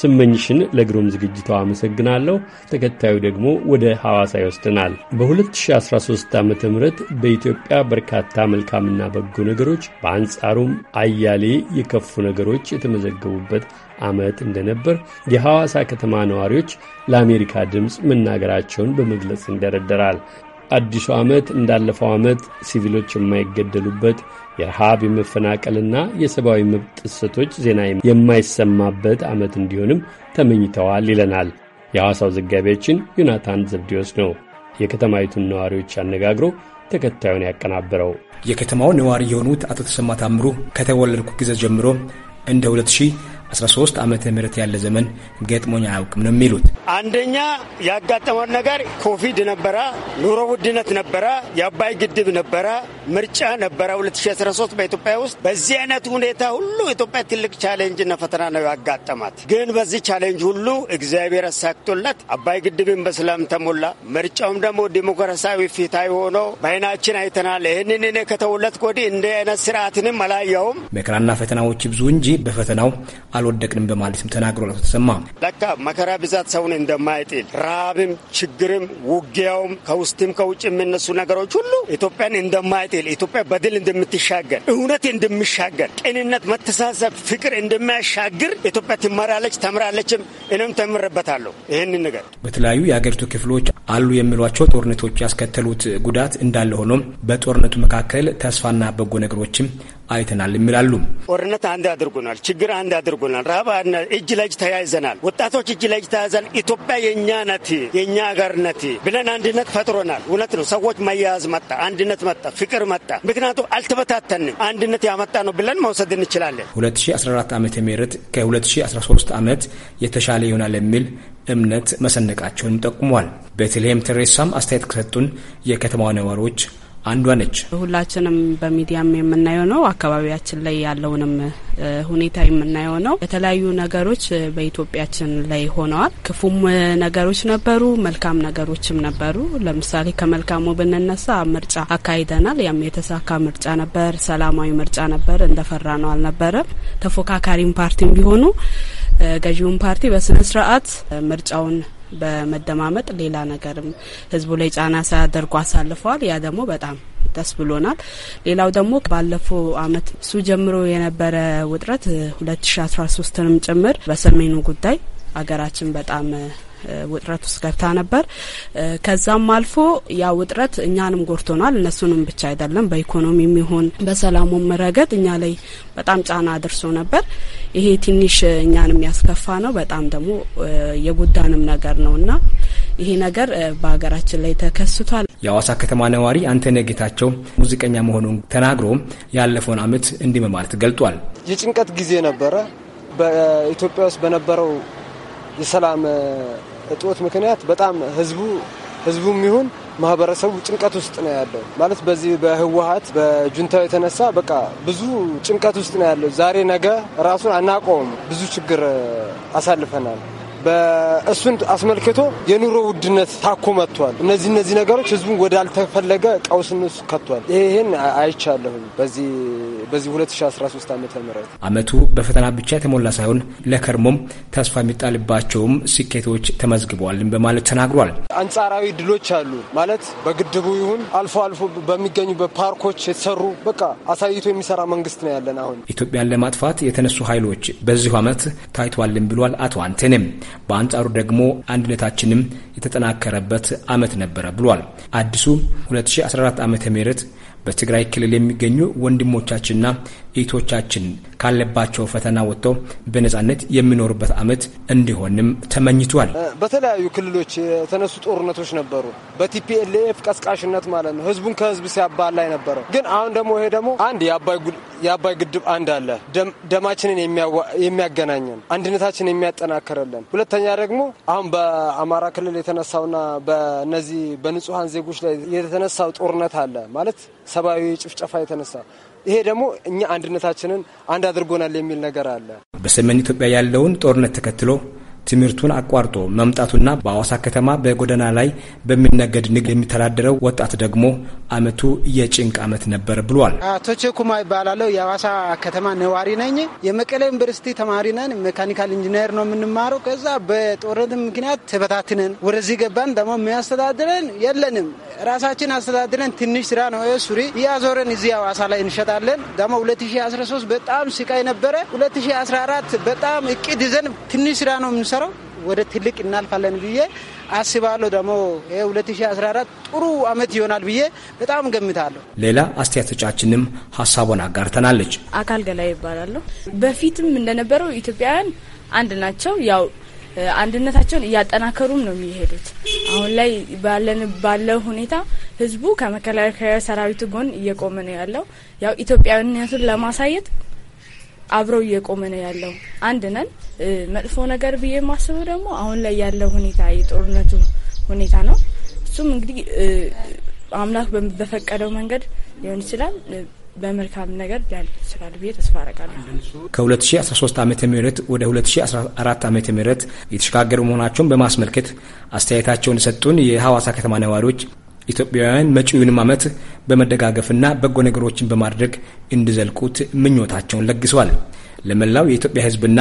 [SPEAKER 1] ስመኝሽን ለግሩም ዝግጅቷ አመሰግናለሁ። ተከታዩ ደግሞ ወደ ሐዋሳ ይወስድናል። በ2013 ዓ ም በኢትዮጵያ በርካታ መልካምና በጎ ነገሮች በአንጻሩም አያሌ የከፉ ነገሮች የተመዘገቡበት ዓመት እንደነበር የሐዋሳ ከተማ ነዋሪዎች ለአሜሪካ ድምፅ መናገራቸውን በመግለጽ ይንደረደራል። አዲሱ ዓመት እንዳለፈው ዓመት ሲቪሎች የማይገደሉበት የረሃብ የመፈናቀልና የሰብአዊ መብት ጥሰቶች ዜና የማይሰማበት ዓመት እንዲሆንም ተመኝተዋል ይለናል የሐዋሳው ዘጋቢያችን ዮናታን ዘብዲዮስ ነው የከተማይቱን ነዋሪዎች አነጋግሮ ተከታዩን ያቀናብረው
[SPEAKER 12] የከተማው ነዋሪ የሆኑት አቶ ተሰማ ታምሩ ከተወለድኩ ጊዜ ጀምሮ እንደ 13 ዓመተ ምህረት ያለ ዘመን ገጥሞኝ አያውቅም ነው የሚሉት።
[SPEAKER 13] አንደኛ ያጋጠመን ነገር ኮቪድ ነበረ፣ ኑሮ ውድነት ነበረ፣ የአባይ ግድብ ነበረ፣ ምርጫ ነበረ 2013 በኢትዮጵያ ውስጥ። በዚህ አይነት ሁኔታ ሁሉ ኢትዮጵያ ትልቅ ቻሌንጅና ፈተና ነው ያጋጠማት። ግን በዚህ ቻሌንጅ ሁሉ እግዚአብሔር አሳክቶለት አባይ ግድብን በሰላም ተሞላ። ምርጫውም ደግሞ ዲሞክራሲያዊ ፊታዊ ሆኖ በአይናችን አይተናል። ይህንን እኔ ከተወለድኩ ወዲህ እንደ አይነት ስርዓትንም አላየውም።
[SPEAKER 12] መከራና ፈተናዎች ብዙ እንጂ በፈተናው አልወደቅንም በማለትም ተናግሮ ነው ተሰማ።
[SPEAKER 13] ለካ መከራ ብዛት ሰውን እንደማይጥል ረሃብም፣ ችግርም፣ ውጊያውም ከውስጥም ከውጭ የሚነሱ ነገሮች ሁሉ ኢትዮጵያን እንደማይጥል ኢትዮጵያ በድል እንደምትሻገር እውነት እንደምሻገር ቅንነት፣ መተሳሰብ፣ ፍቅር እንደሚያሻግር ኢትዮጵያ ትመራለች፣ ተምራለችም። እኔም ተምርበታለሁ ይህንን ነገር።
[SPEAKER 12] በተለያዩ የአገሪቱ ክፍሎች አሉ የሚሏቸው ጦርነቶች ያስከተሉት ጉዳት እንዳለ ሆኖም በጦርነቱ መካከል ተስፋና በጎ ነገሮችም አይተናል የሚላሉ
[SPEAKER 13] ጦርነት አንድ አድርጎናል። ችግር አንድ አድርጎናል። ረሃብ እጅ ለእጅ ተያይዘናል። ወጣቶች እጅ ለእጅ ተያይዘን ኢትዮጵያ የእኛ ነት የእኛ ሀገር ነት ብለን አንድነት ፈጥሮናል። እውነት ነው። ሰዎች መያያዝ መጣ፣ አንድነት መጣ፣ ፍቅር መጣ። ምክንያቱ አልተበታተንም። አንድነት ያመጣ ነው ብለን መውሰድ እንችላለን።
[SPEAKER 12] 2014 ዓ ም ከ2013 ዓመት የተሻለ ይሆናል የሚል እምነት መሰነቃቸውንም ጠቁሟል። ቤተልሔም ተሬሳም አስተያየት ከሰጡን የከተማዋ ነዋሪዎች አንዷ ነች።
[SPEAKER 14] ሁላችንም በሚዲያም የምናየው ነው። አካባቢያችን ላይ ያለውንም ሁኔታ የምናየው ነው። የተለያዩ ነገሮች በኢትዮጵያችን ላይ ሆነዋል። ክፉም ነገሮች ነበሩ፣ መልካም ነገሮችም ነበሩ። ለምሳሌ ከመልካሙ ብንነሳ ምርጫ አካሂደናል። ያም የተሳካ ምርጫ ነበር፣ ሰላማዊ ምርጫ ነበር። እንደፈራ ነው አልነበረም። ተፎካካሪም ፓርቲም ቢሆኑ ገዢውን ፓርቲ በስነ ስርዓት ምርጫውን በመደማመጥ ሌላ ነገርም ህዝቡ ላይ ጫና ሳያደርጉ አሳልፈዋል። ያ ደግሞ በጣም ደስ ብሎናል። ሌላው ደግሞ ባለፈው አመት እሱ ጀምሮ የነበረ ውጥረት ሁለት ሺ አስራ ሶስትንም ጭምር በሰሜኑ ጉዳይ አገራችን በጣም ውጥረት ውስጥ ገብታ ነበር። ከዛም አልፎ ያ ውጥረት እኛንም ጎድቶናል፣ እነሱንም ብቻ አይደለም። በኢኮኖሚም ይሁን በሰላሙም ረገድ እኛ ላይ በጣም ጫና አድርሶ ነበር። ይሄ ትንሽ እኛን የሚያስከፋ ነው። በጣም ደግሞ የጎዳንም ነገር ነው እና ይሄ ነገር በሀገራችን ላይ ተከስቷል።
[SPEAKER 12] የአዋሳ ከተማ ነዋሪ አንተነህ ጌታቸው ሙዚቀኛ መሆኑን ተናግሮ ያለፈውን አመት እንዲህ በማለት ገልጧል።
[SPEAKER 4] የጭንቀት ጊዜ ነበረ። በኢትዮጵያ ውስጥ በነበረው የሰላም እጦት ምክንያት በጣም ህዝቡ ህዝቡም ይሁን ማህበረሰቡ ጭንቀት ውስጥ ነው ያለው። ማለት በዚህ በህወሀት በጁንታው የተነሳ በቃ ብዙ ጭንቀት ውስጥ ነው ያለው። ዛሬ ነገ ራሱን አናቆም። ብዙ ችግር አሳልፈናል። በእሱን አስመልክቶ የኑሮ ውድነት ታኮ መጥቷል። እነዚህ እነዚህ ነገሮች ህዝቡን ወዳልተፈለገ ቀውስን ውስጥ ከቷል። ይህን አይቻለሁም በዚህ 2013 ዓ ም
[SPEAKER 12] አመቱ በፈተና ብቻ የተሞላ ሳይሆን ለከርሞም ተስፋ የሚጣልባቸውም ስኬቶች ተመዝግበዋልን በማለት ተናግሯል።
[SPEAKER 4] አንጻራዊ ድሎች አሉ ማለት በግድቡ ይሁን አልፎ አልፎ በሚገኙበት ፓርኮች የተሰሩ በቃ አሳይቶ የሚሰራ መንግስት ነው ያለን። አሁን
[SPEAKER 12] ኢትዮጵያን ለማጥፋት የተነሱ ኃይሎች በዚሁ አመት ታይቷልን ብሏል አቶ አንቴንም በአንጻሩ ደግሞ አንድነታችንም የተጠናከረበት ዓመት ነበረ ብሏል። አዲሱ 2014 ዓ ም በትግራይ ክልል የሚገኙ ወንድሞቻችንና ቤቶቻችን ካለባቸው ፈተና ወጥተው በነጻነት የሚኖሩበት ዓመት እንዲሆንም ተመኝቷል።
[SPEAKER 4] በተለያዩ ክልሎች የተነሱ ጦርነቶች ነበሩ። በቲፒኤልኤፍ ቀስቃሽነት ማለት ነው። ህዝቡን ከህዝብ ሲያባላ ነበረው። ግን አሁን ደግሞ ይሄ ደግሞ አንድ የአባይ ግድብ አንድ አለ፣ ደማችንን የሚያገናኘን አንድነታችን የሚያጠናክርልን ሁለተኛ ደግሞ አሁን በአማራ ክልል የተነሳውና በነዚህ በንጹሐን ዜጎች ላይ የተነሳው ጦርነት አለ ማለት ሰብአዊ ጭፍጨፋ የተነሳ ይሄ ደግሞ እኛ አንድነታችንን አንድ አድርጎናል የሚል ነገር አለ።
[SPEAKER 12] በሰሜን ኢትዮጵያ ያለውን ጦርነት ተከትሎ ትምህርቱን አቋርጦ መምጣቱና በአዋሳ ከተማ በጎዳና ላይ በሚነገድ ንግድ የሚተዳደረው ወጣት ደግሞ አመቱ የጭንቅ አመት ነበር ብሏል።
[SPEAKER 4] አቶቼ ኩማ ይባላለው። የአዋሳ ከተማ ነዋሪ ነኝ። የመቀሌ ዩኒቨርሲቲ ተማሪ ነን። ሜካኒካል ኢንጂነር ነው የምንማረው። ከዛ በጦርነት ምክንያት ተበታትነን ወደዚህ ገባን። ደግሞ የሚያስተዳድረን የለንም። ራሳችን አስተዳድረን ትንሽ ስራ ነው ሱሪ እያዞረን እዚህ አዋሳ ላይ እንሸጣለን። ደግሞ 2013 በጣም ስቃይ ነበረ። 2014 በጣም እቅድ ይዘን ትንሽ ስራ ነው የምንሰ የምንሰራው ወደ ትልቅ እናልፋለን ብዬ አስባለሁ። ደግሞ 2014 ጥሩ አመት ይሆናል ብዬ በጣም ገምታለሁ።
[SPEAKER 12] ሌላ አስተያየቶቻችንም ሀሳቧን አጋርተናለች።
[SPEAKER 4] አካል ገላይ
[SPEAKER 14] ይባላለሁ። በፊትም እንደነበረው ኢትዮጵያውያን አንድ ናቸው። ያው አንድነታቸውን እያጠናከሩም ነው የሚሄዱት። አሁን ላይ ባለን ባለው ሁኔታ ህዝቡ ከመከላከያ ሰራዊቱ ጎን እየቆመ ነው ያለው። ያው ኢትዮጵያዊነቱን ለማሳየት አብረው እየቆመ ነው ያለው። አንድ ነን። መጥፎ ነገር ብዬ የማስበው ደግሞ አሁን ላይ ያለው ሁኔታ የጦርነቱ ሁኔታ ነው። እሱም እንግዲህ አምላክ በፈቀደው መንገድ ሊሆን ይችላል በመልካም ነገር ሊያልቅ ይችላል ብዬ ተስፋ
[SPEAKER 12] አረጋለሁ። ከ2013 ዓ ም ወደ 2014 ዓ ም የተሸጋገሩ መሆናቸውን በማስመልከት አስተያየታቸውን የሰጡን የሐዋሳ ከተማ ነዋሪዎች ኢትዮጵያውያን መጪውንም ዓመት በመደጋገፍና በጎ ነገሮችን በማድረግ እንዲዘልቁት ምኞታቸውን ለግሰዋል። ለመላው የኢትዮጵያ ሕዝብና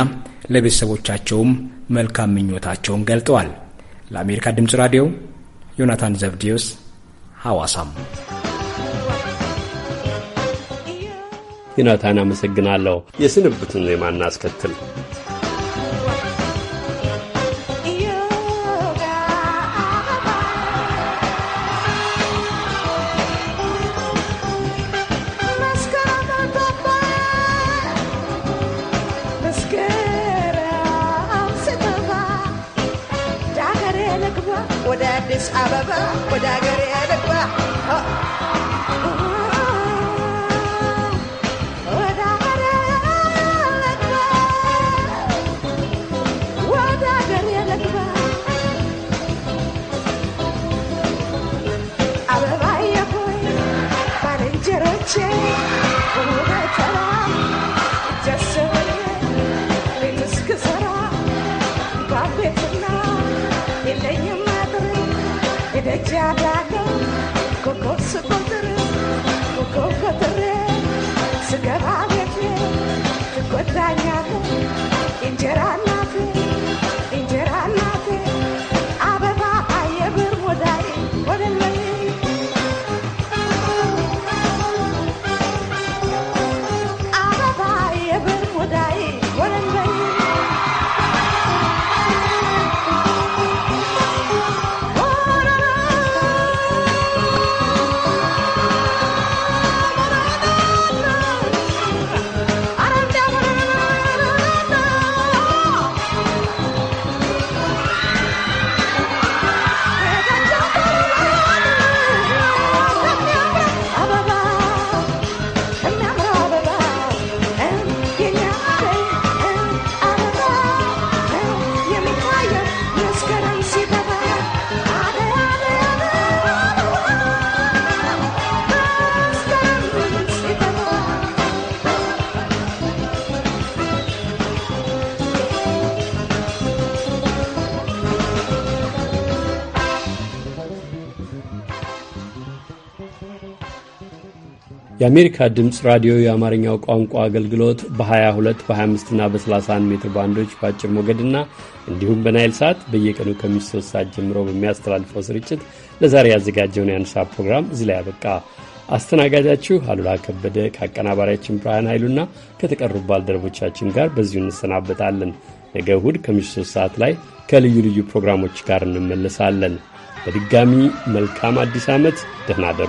[SPEAKER 12] ለቤተሰቦቻቸውም መልካም ምኞታቸውን ገልጠዋል። ለአሜሪካ ድምፅ ራዲዮ ዮናታን ዘብዲዮስ ሐዋሳም።
[SPEAKER 1] ዮናታን አመሰግናለሁ። የስንብቱን ዜማ እናስከትል። in Tehran. የአሜሪካ ድምፅ ራዲዮ የአማርኛው ቋንቋ አገልግሎት በ22 በ25 እና በ31 ሜትር ባንዶች በአጭር ሞገድና እንዲሁም በናይል ሰዓት በየቀኑ ከምሽቱ ሰዓት ጀምሮ በሚያስተላልፈው ስርጭት ለዛሬ ያዘጋጀውን የአንሳ ፕሮግራም እዚህ ላይ ያበቃ። አስተናጋጃችሁ አሉላ ከበደ ከአቀናባሪያችን ብርሃን ኃይሉና ከተቀሩ ባልደረቦቻችን ጋር በዚሁ እንሰናበታለን። ነገ እሁድ ከምሽቱ ሰዓት ላይ ከልዩ ልዩ ፕሮግራሞች ጋር እንመለሳለን። በድጋሚ መልካም አዲስ ዓመት። ደህና